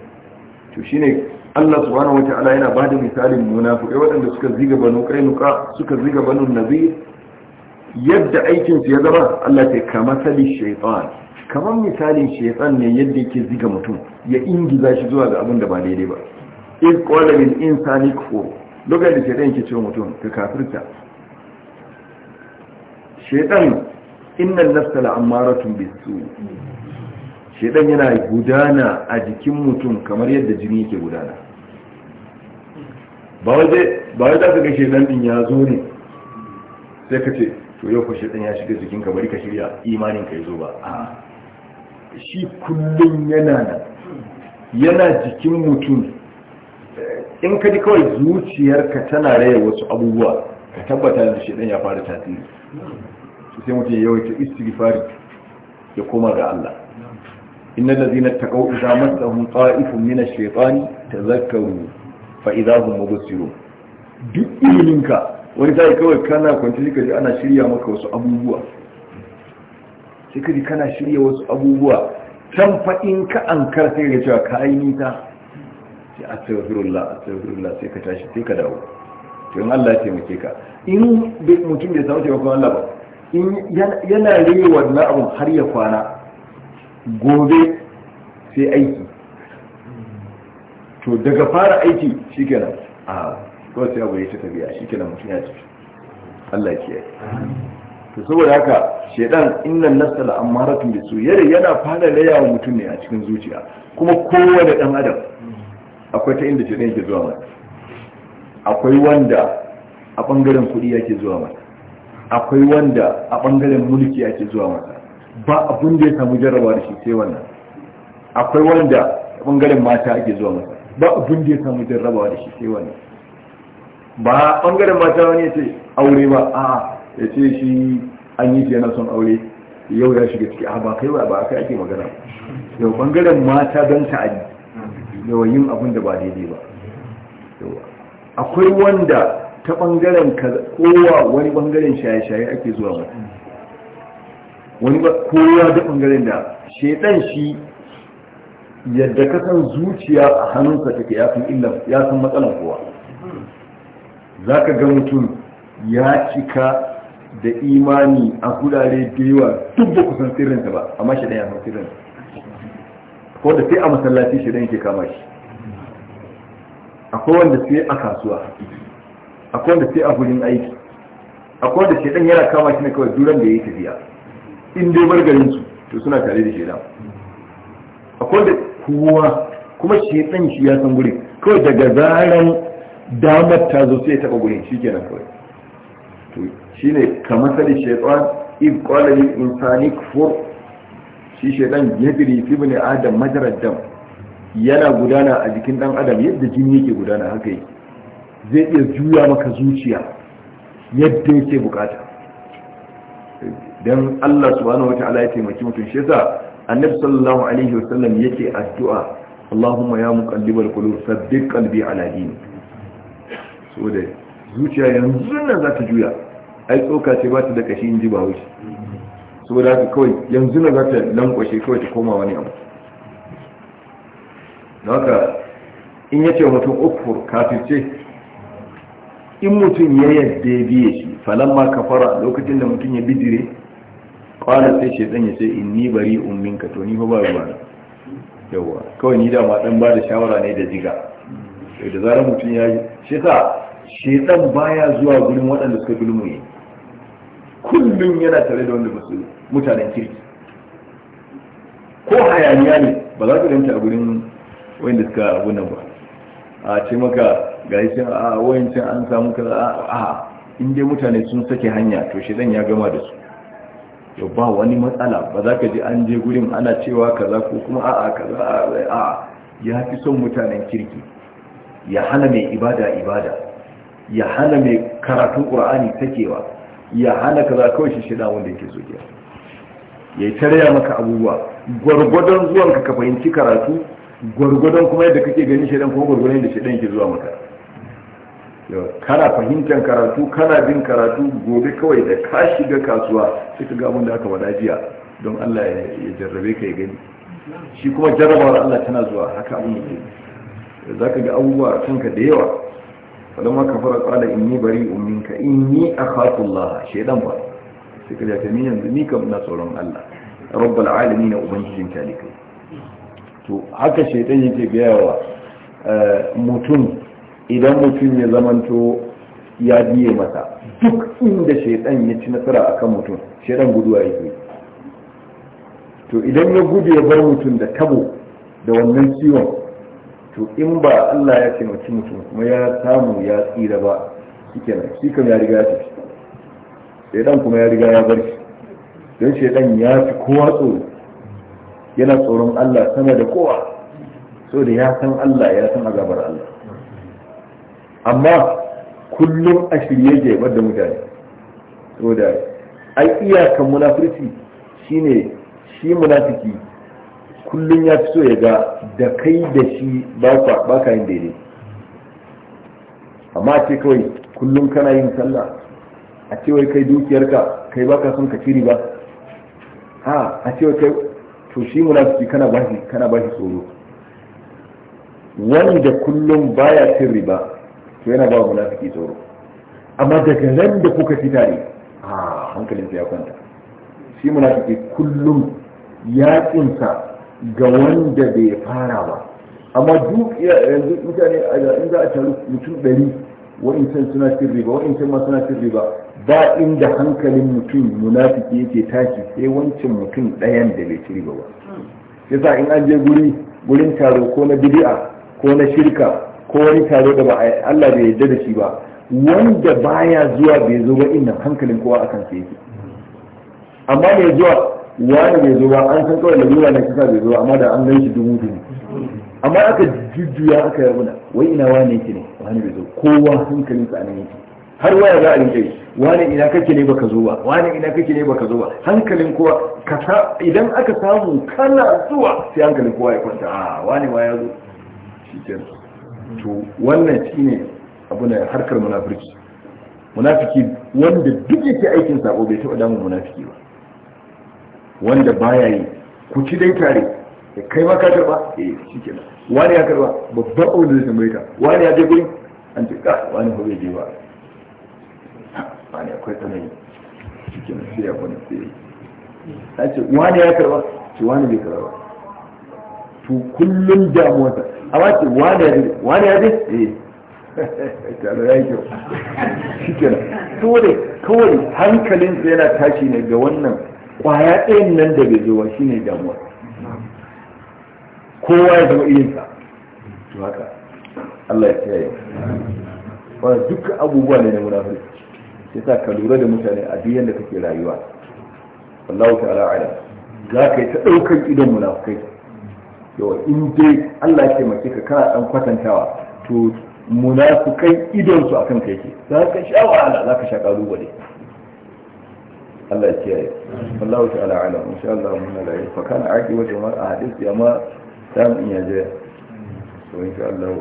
to shine Allah subhanahu ta'ala yana bada misalin munafiqai waɗanda suka ziga banu kainuka suka ziga banu nabi yadda aikin su ya zama Allah ta kama sali shaytan kamar misalin shaytan ne yadda yake ziga mutum ya ingiza shi zuwa ga abin da ba daidai ba iz qala lil insani kufur lokacin da shaytan yake cewa mutum ka kafirta shedan innal nafsa la'amaratun bisu shedan yana gudana a jikin mutum kamar yadda jini yake gudana ba wai za ka ga shedan din ya zo ne sai ka ce to yau ko shedan ya shiga jikin ka bari ka shirya imanin ka yazo ba a shi kullum yana nan, yana jikin mutum in ka ji kawai zuciyarka tana raya wasu abubuwa ka tabbata da shedan ya fara tasiri sai mutum ya yawaita istighfari ya koma ga Allah innal ladina taqaw idza massahum qa'ifun min ash shaytan tazakkaru fa idza hum mubsirun duk iliminka wani sai kawai kana kwanci ka ji ana shirya maka wasu abubuwa sai ka ji kana shirya wasu abubuwa can in ka an kar sai ga cewa ka yi nita sai astaghfirullah astaghfirullah sai ka tashi sai ka dawo to in Allah ya taimake ka in mutum bai samu taimakon Allah ba yana rage wannan abin har ya kwana gobe sai aiki to daga fara aiki shi nan, a kawai sai abu ya ce tafiya shi nan mutum ya ce Allah ke yi to saboda haka shedan innan nasta la amaratun bisu yare yana fara layawa wa mutum ne a cikin zuciya kuma kowane dan adam akwai ta inda shedan yake zuwa mai akwai wanda a bangaren kuɗi yake zuwa mai akwai wanda a bangaren mulki ake zuwa masa ba abin da ya samu jarraba da shi sai wannan akwai wanda a bangaren mata ake zuwa masa ba abin da ya samu jarraba da shi sai wannan ba bangaren mata wani ya ce aure ba a ya ce shi an yi shi yana son aure yau ya shiga ciki a ba kai ba ba kai ake magana yau bangaren mata don ta'adi yawan yin abin da ba daidai ba akwai wanda ta bangaren kowa wani bangaren shaye-shaye ake zuwa ba wani kowa da bangaren da shaidan shi yadda ka san zuciya a hannunsa take ya san illa ya san matsalan kowa zaka ga mutum ya cika da imani a gudare da yawa duk da kusan sirrinsa ba amma shaidan ya san sirrinsa ko da sai a masallaci shaidan ke kama shi akwai wanda sai a kasuwa akwai wanda sai a gurin aiki akwai wanda shedan yana kama shi ne kawai duran da ya yi tafiya in dai bar garin su to suna tare da shedan akwai da kowa kuma shedan shi ya san gurin kawai daga zaran damar ta zo sai ya taba gurin shi kenan kawai to shine kamar sani shaitan id qala insani kufur shi shaitan yadri fi ibn adam majrad dam yana gudana a jikin dan adam yadda jini yake gudana haka yake zai iya juya maka zuciya yadda yake bukata don Allah subhanahu wa ta'ala ya taimaki mutum shi yasa annabi sallallahu alaihi wa sallam yake addu'a Allahumma ya muqallibal qulub sabbit qalbi ala ne. so da zuciya yanzu nan za ta juya ai tsoka ce ba ta da kashi inji ba wuce saboda haka kawai yanzu nan za ta lankwashe kawai ta koma wani abu don haka in yace mutum ukfur kafirce in mutum ya yadda biye shi ka kafara lokacin da mutum ya bijire kwana sai shaitan ya ce ni bari ummin ka to ni fa ba ruwa yawa kawai ni dama ɗan dan ba da shawara ne da jiga da zarar mutum ya yi shi sa shaitan baya zuwa gurin waɗanda suka yi. kullum yana tare da wanda mutanen kirki ko hayaniya ne ba za ka danta a gurin wanda suka abunan ba a ce maka ga yi a wayancin an samu kaza a inda mutane sun sake hanya to shi zan ya gama da su yau ba wani matsala ba za ka ji an je gurin ana cewa kaza ko kuma a a kaza a'a ya fi son mutanen kirki ya hana mai ibada ibada ya hana mai karatun ƙur'ani sakewa ya hana kaza kawai shi shida wanda yake soke ya yi maka abubuwa gwargwadon zuwanka ka fahimci karatu gwargwadon kuma yadda kake gani shaidan kuma gwargwadon yadda shaidan ke zuwa maka kana fahimtar karatu kana bin karatu gobe kawai da ka shiga kasuwa sai ka ga abin da aka wada jiya don Allah ya jarrabe ka ya gani shi kuma jarrabawar Allah tana zuwa haka abin yake ka ga abubuwa a kanka da yawa falamma kafara qala ka in a a akhafu Allah shaidan ba sai ka ta min yanzu ni kam na tsoron Allah rabbul alamin ubangijin talikai to haka shaidan yake gaya wa eh, mutum idan mutum ya zamanto ya biye mata duk inda shaidan ya ci nasara akan mutum shaidan guduwa ya ke. to idan ya gudu ya bar mutum da tabo da wannan ciwon to in ba Allah ya taimaki mutum kuma ya samu ya tsira ba shikenan shi kam ya riga ya tafi shaidan kuma ya riga ya bar shi don shaidan ya fi kowa tsoro yana tsoron Allah sama da kowa so da ya san Allah ya san azabar Allah amma kullum a shirye ke da mutane saboda ai iyakan munafurci shine shi munafiki kullum ya fi so ya ga da kai da shi ba ka yin daidai amma ce kawai kullum kana yin sallah a ce wai kai dukiyarka kai baka son ka ciri ba a a ce wai kai to shi munafiki kana bashi kana bashi tsoro wani da kullum baya cin riba to yana ba wa munafiki tsoro amma daga ran da kuka ci tare a hankalin ya kwanta shi munafiki kullum ya yakinsa ga wanda bai fara ba amma duk yanzu mutane in za a taru mutum ɗari wa'insan suna cin riba wa'insan ma suna cin riba ba inda hankalin mutum munafiki yake tashi sai wancan mutum ɗayan da bai ci riba ba sa in an je guri gurin taro ko na bid'a ko na shirka ko wani taro da ba Allah bai yarda da shi ba wanda baya zuwa bai zo ba innan hankalin kowa akan kan yake amma mai zuwa wani bai zo ba an san kawai lalura na kisa bai zo amma da an gan shi dubu dubu amma aka jujjuya aka yi muna wai ina wani yake ne wani bai zo kowa hankalin sa nan yake har waya za a rike shi wani ina kake ne baka zo ba wani ina kake ne baka zo ba hankalin kowa idan aka samu kana zuwa sai hankalin kowa ya kwanta a ah, wani ma ya zo shi kenan to wannan ne abu na harkar munafurki, munafiki wanda duk yake aikin sabo bai taba damun munafiki ba wanda baya yi ku ci dai tare ya eh, kai ma ka karba eh shikenan wani ya karba babban abu da zai tambaye ka wani ya je gurin an ce ka ah, wani ba zai je ba wani akwai tsanani shikenan sai ya kwana sai ya ce wani ya karba ce wani bai karba to kullum damuwarsa a wace wane ya wane ya eh tare ya kyau shi ke dole kawai hankalinsa yana tashi ne ga wannan kwaya ɗayan nan da bai zo ba ne damuwa kowa ya zama irinsa to haka Allah ya kiyaye ba duk abubuwa ne na munafurci sai sa ka lura da mutane a duk yanda kake rayuwa wallahu ta'ala ala za ka yi ta ɗaukar idon munafukai yawa in dai Allah ya taimake ka kana dan kwatantawa to munafikai idon su akan kai ke za ka sha wahala za ka sha kalubale Allah ya kiyaye Allah ta'ala ala insha Allah mun la yi fa kana aiki wajen mar a hadisi amma sam in yaje to insha Allah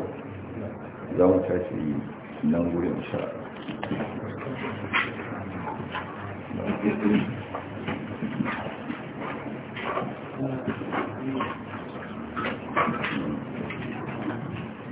za mu tashi nan gurin insha Allah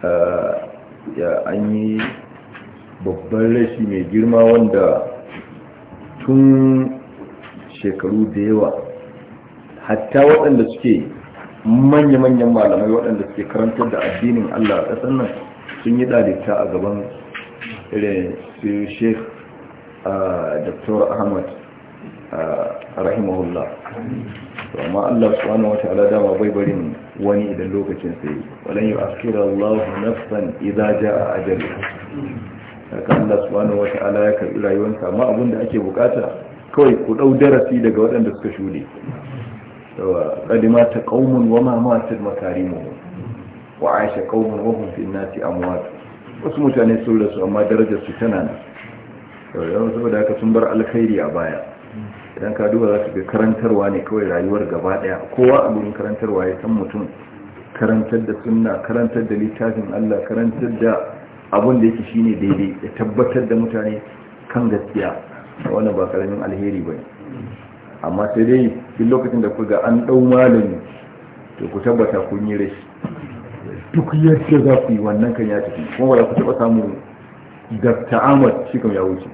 Eh, ya an yi babban rashi mai girma wanda tun shekaru da yawa hatta waɗanda suke manya-manyan malamai waɗanda suke karantar da addinin Allah a ƙasar nan sun yi ɗalita a gaban irin su sheikh eh, dr ahmad eh, rahimahullah amma Allah subhanahu wa ta'ala dama bai bari barin wani idan lokacin sai Wani yi askira Allah nafsan idza jaa ajalu haka Allah subhanahu wata'ala ya karbi rayuwarsa amma abun da ake bukata kawai ku dau darasi daga waɗanda suka shude sawa qadima ta wa ma matat makarimu wa aisha qaumun wa hum fi wasu mutane sun rasu amma darajar su tana nan saboda haka sun bar alkhairi a baya idan ka duba za su ga karantarwa ne kawai rayuwar gaba daya kowa a gurin karantarwa ya san mutum karantar da sunna karantar da littafin Allah karantar da abin da yake shine daidai ya tabbatar da mutane kan gaskiya wannan ba karamin alheri bane amma sai dai duk lokacin da ku ga an dau malami to ku tabbata kun yi rashi duk yadda za ku yi wannan kan ya tafi kuma ba za ku taba samu da ahmad shi kam ya wuce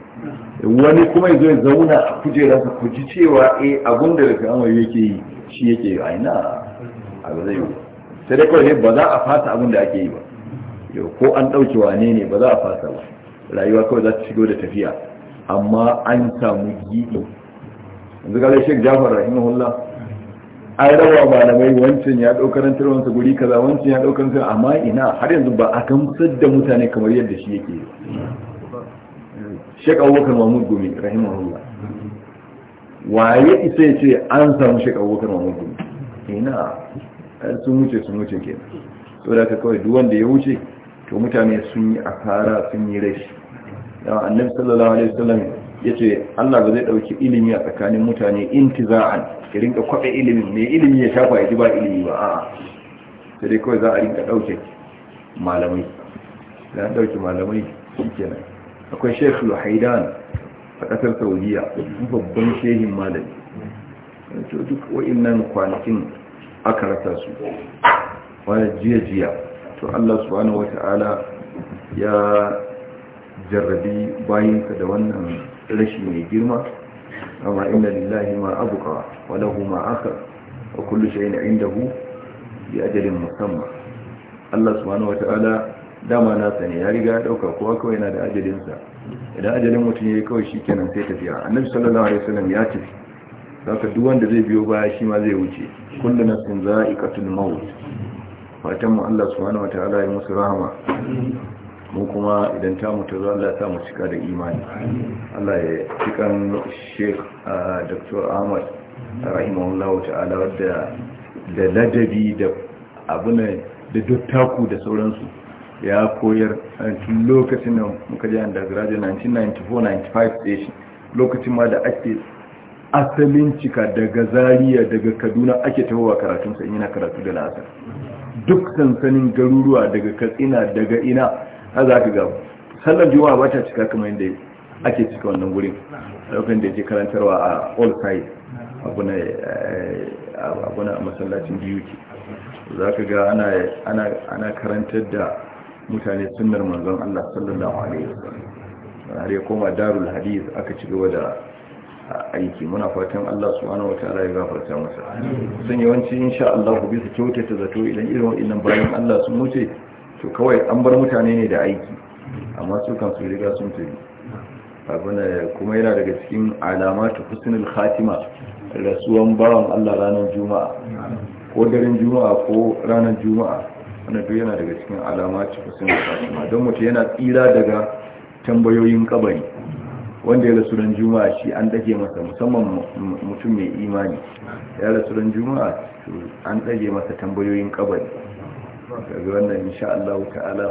wani kuma ya ya zauna a kujerarsa ku ji cewa eh abun da dr yake yi shi yake yi aina a ba zai yi sai dai kawai ba za a fasa abun da ake yi ba ko an ɗauke wane ne ba za a fasa ba rayuwa kawai za ta shigo da tafiya amma an samu gidi yanzu ga shek jafar rahimahullah an rawa malamai wancan ya ɗau karantar wansa guri kaza wancan ya ɗau karantar amma ina har yanzu ba a gamsar da mutane kamar yadda shi yake Sheikh Abubakar Mahmud Gumi rahimahullah waye isa ya ce an samu Sheikh Abubakar Mahmud Gumi ina sun wuce sun wuce kenan da ka kawai duk wanda ya wuce to mutane sun yi asara sun yi rashi yawan annabi sallallahu alaihi wasallam ya ce Allah ba zai ɗauki ilimi a tsakanin mutane intiza'an ki rinka kwaɓe ilimin ne ilimi ya shafa ya ba ilimi ba a sai dai kawai za a rinka ɗauke malamai za a ɗauke malamai shi kenan akwai shekhu haidan a ƙasar saudiya babban shehin malami duk wa'innan kwanakin aka rasa su wani jiya-jiya to allah subhanahu wata'ala ya jarrabi bayinsa da wannan rashi mai girma أما إن لله ما أبقى وله ما أخر وكل شيء عنده بأجل مسمى الله سبحانه وتعالى dama na sani ya riga ya dauka kowa kawai na da ajalinsa idan ajalin mutum ya yi kawai shi kenan sai tafiya annabi sallallahu alaihi wasallam ya ce zaka duk wanda zai biyo baya shi ma zai wuce kullu nafsin za'iqatul maut fatan mu Allah subhanahu wataala ya musu rahama mu kuma idan ta mutu zuwa Allah ta mu cika da imani Allah ya cikan Sheikh Dr. Ahmad rahimahullahu ta'ala wadda da ladabi da abuna da dottaku da sauransu ya koyar tun lokacin da muka ji undergraduate 1994-95 station lokacin ma da ake asalin cika daga zariya daga Kaduna ake tawowa karatunsa in yana karatu da la'asar duk sansanin garuruwa daga Katsina daga ina har za ka gawo sallar juma'a ba ta cika kamar yadda ake cika wannan gurin lokacin da yake karantarwa a all side abuna a eh, masallacin biyu za ka ga ana karantar da mutane sunar manzon Allah sallallahu alaihi wasallam har ya koma darul hadith aka ci gaba da aiki muna fatan Allah subhanahu wataala ya gafarta masa sun yawanci insha Allah bisa kyautata zato idan irin wannan bayan Allah sun mutu to kawai an bar mutane ne da aiki amma su kan su riga sun tafi abin kuma yana daga cikin alama ta husnul khatima rasuwan bawan Allah ranar juma'a ko daren juma'a ko ranar juma'a wannan duk yana daga cikin alama ta husnul khatima don mutum yana tsira daga tambayoyin kabari wanda ya rasu ran juma'a shi an dage masa musamman mutum mai imani ya rasu ran juma'a an dage masa tambayoyin kabari kaga wannan insha Allah ta'ala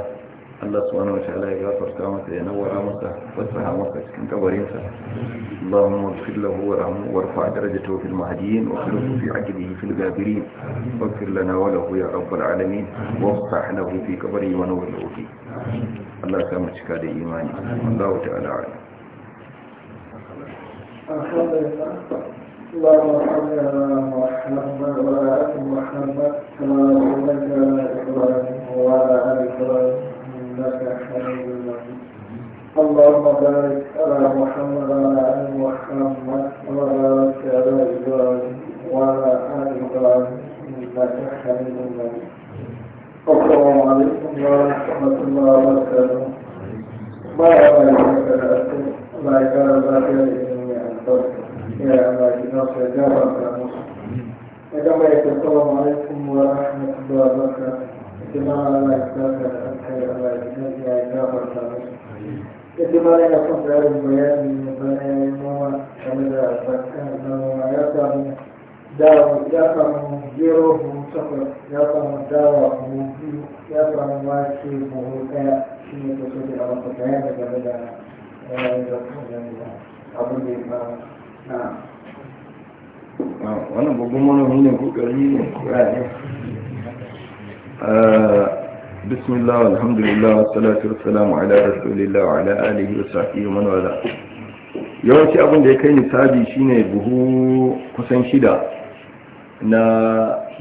Allah subhanahu wata'ala ya gafarta mata ya nawara masa wata hamaka cikin kabarin sa Allahumma ighfir lahu warhamhu warfa darajatahu fil mahdiyyin wa khiruhu fi ajlihi fil ghabirin lana wa lahu ya rabbal alamin wa afsah lahu fi qabri wa nawwir Allah ya mu cika da imani Allah ta'ala اللهم صل على محمد وعلى ال محمد كما صليت ابراهيم وعلى ال ابراهيم انك حميد مجيد اللهم بارك على محمد وعلى ال محمد وعلى ال ابراهيم انك حميد مجيد السلام عليكم ورحمه الله وبركاته ما رأيك لا يكاد ذاك يا أبا جناس أجابا كاموس أجابا السلام عليكم ورحمة الله وبركاته إجماع الله إسلام الحمد يا أبا جناس يا أجابا كاموس إجماع لنا صدر البيان من بني إمام حمد أسكان ويطعم دعوة يطعم جيره مصفر يطعم دعوة مبيو يطعم واشي مهوكا شيء تصدر على فتعين أجابا أبو الإمام Ah, wannan babban manomi ne ko ƙarni ne بسم الله والحمد لله والصلاة والسلام على رسول الله وعلى آله وصحبه ومن والاه yawanci abin da ya kai nisabi shine buhu kusan shida na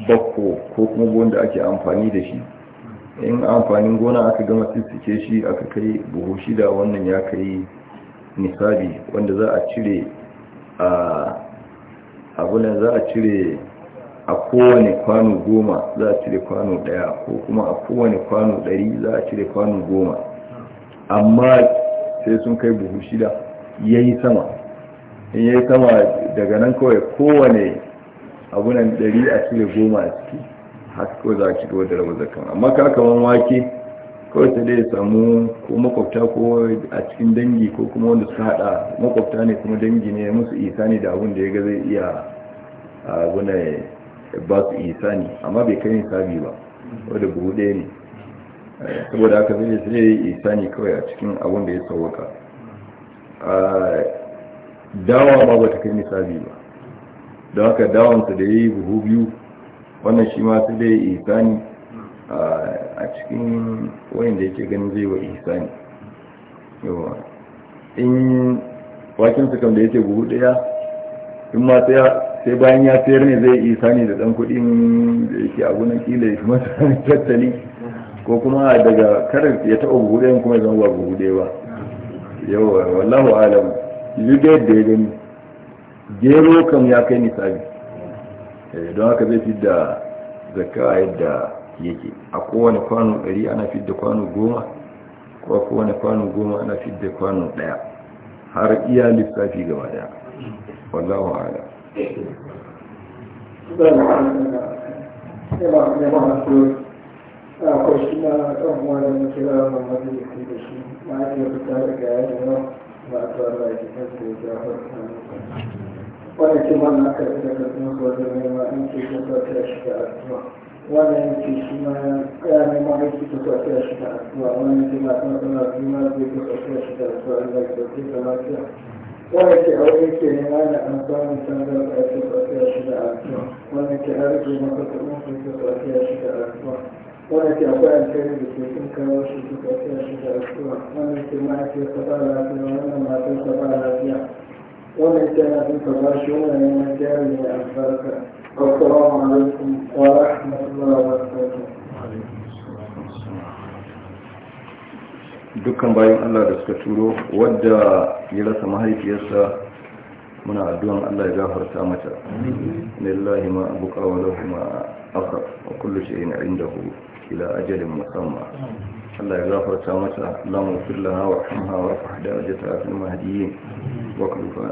bakko ko kuma da ake amfani da shi in amfanin gona aka gama tsitsike shi aka kai buhu shida wannan ya kai nisabi wanda za a cire abunan za a cire a kowane kwano goma za a cire kwano daya ko kuma a kowane kwano dari za a cire kwano goma amma sai sun kai buhu shida ya yi sama in ya yi sama daga nan kawai kowane abunan dari a cire goma a ciki haka kawai za a cire wadda rabu zakan amma kakaman wake kawai ta dai samu ko makwabta ko a cikin dangi ko kuma wanda suka haɗa makwabta ne kuma dangi ne musu isa ne da abun da ya ga zai iya a guna ba su isa ne amma bai kai biyu ba wadda buhu ɗaya ne saboda aka zai zai yi ne kawai a cikin abun da ya sauwaka dawa ma ba ta kai biyu ba don haka dawansa da ya yi buhu biyu wannan shi ma sai dai ne a cikin wanda yake ganin zai wa isani yawa in wakin su kam da yake buhu daya in ma sai bayan ya sayar ne zai isani da dan kudin da yake abu na kila ya masa tattali ko kuma daga karar ya taɓa buhu daya kuma zama ba buhu daya ba yawa wallahu alam lidar da ya gani gero kam ya kai nisabi eh, don haka zai fi da zakka yadda yake a kowane kwano ɗari ana fidda kwano goma ko a kowane kwano goma ana fidda kwano ɗaya har iya lissafi gaba ɗaya wallahu ala akwai ba a tsara da ke kan da ya kimanin aka yi daga tsohon wajen ne ma'in ke ta shiga a wannan yanki shi ma ya ne ma aiki ta kwafi a shi ta asuwa wannan yanki ma kuma tana su zai ta kwafi a shi ta rasuwa inda ke kwafi ta lafiya wannan ke aure ke ne ma da an samun da ake kwafi a shi ta rasuwa wannan ke maka ta shi da asuwa? wannan ke akwai alkhairi da ke sun kawo shi ta kwafi a shi ta rasuwa wannan ma ake kwafa lafiya wannan matan kwafa lafiya ومن كان sun ka ومن كان من yana والسلام عليكم ورحمة الله وبركاته dukkan bayan Allah da suka turo wadda ya rasa mahaifiyarsa muna addu'an Allah ya gafarta mata lillahi ma abuka wa lahu ma aqa wa kullu shay'in ku. ila ajalin musamma Allah ya gafarta mata firlana Allahumma ighfir laha warhamha warfah darajataha fil mahdiyyin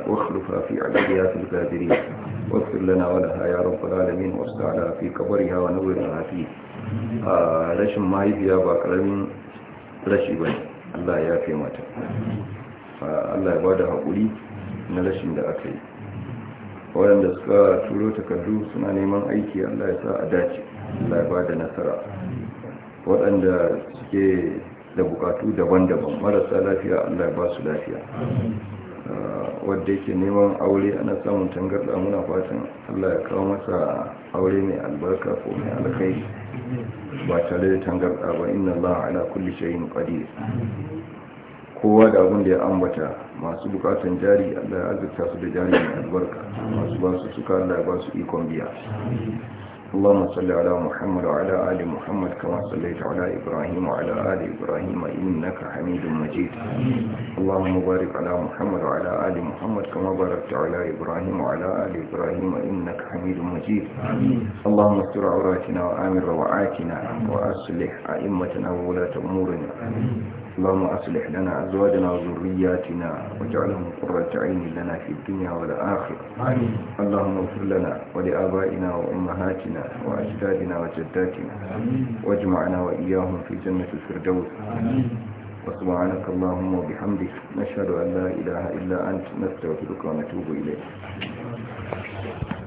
واخلفها في عبادها في الكافرين واغفر لنا ولها يا رب العالمين واستعلى في قبرها ونورها فيه rashin mahaifiya ba ƙaramin rashi ba Allah ya fi mata ah, Allah ya ba da haƙuri na rashin da aka yi waɗanda suka turo takardu suna neman aiki allah ya sa a dace allah ya ba nasara waɗanda suke da bukatu daban-daban marasa lafiya allah ya ba su lafiya ah, wadda yake neman aure ana samun tangarda muna fatan allah ya kawo masa aure mai albarka ko mai alkai ba tare da tangarda ba inna allah ala kulli shayin qadir kowa da abin da ya ambata masu bukatan jari allah ya arzikta su da jari mai albarka masu ba su suka allah ya ba su ikon biya allah musalli ala muhammad wa ala ali muhammad kama sallai ta ala ibrahim wa ala ali ibrahim innaka hamidun majid allah mu barik ala muhammad wa ala ali muhammad kama barakta ala ibrahim wa ala ali ibrahim innaka hamidun majid allah mu tura auratina wa amir rawatina wa aslih a'immatina wa wulata umurina amin اللهم أصلح لنا أزواجنا وذرياتنا واجعلهم قرة عين لنا في الدنيا والآخرة آمين. اللهم اغفر لنا ولآبائنا وأمهاتنا وأجدادنا وجداتنا واجمعنا وإياهم في جنة الفردوس وسبحانك اللهم وبحمدك نشهد أن لا إله إلا أنت نستغفرك ونتوب إليك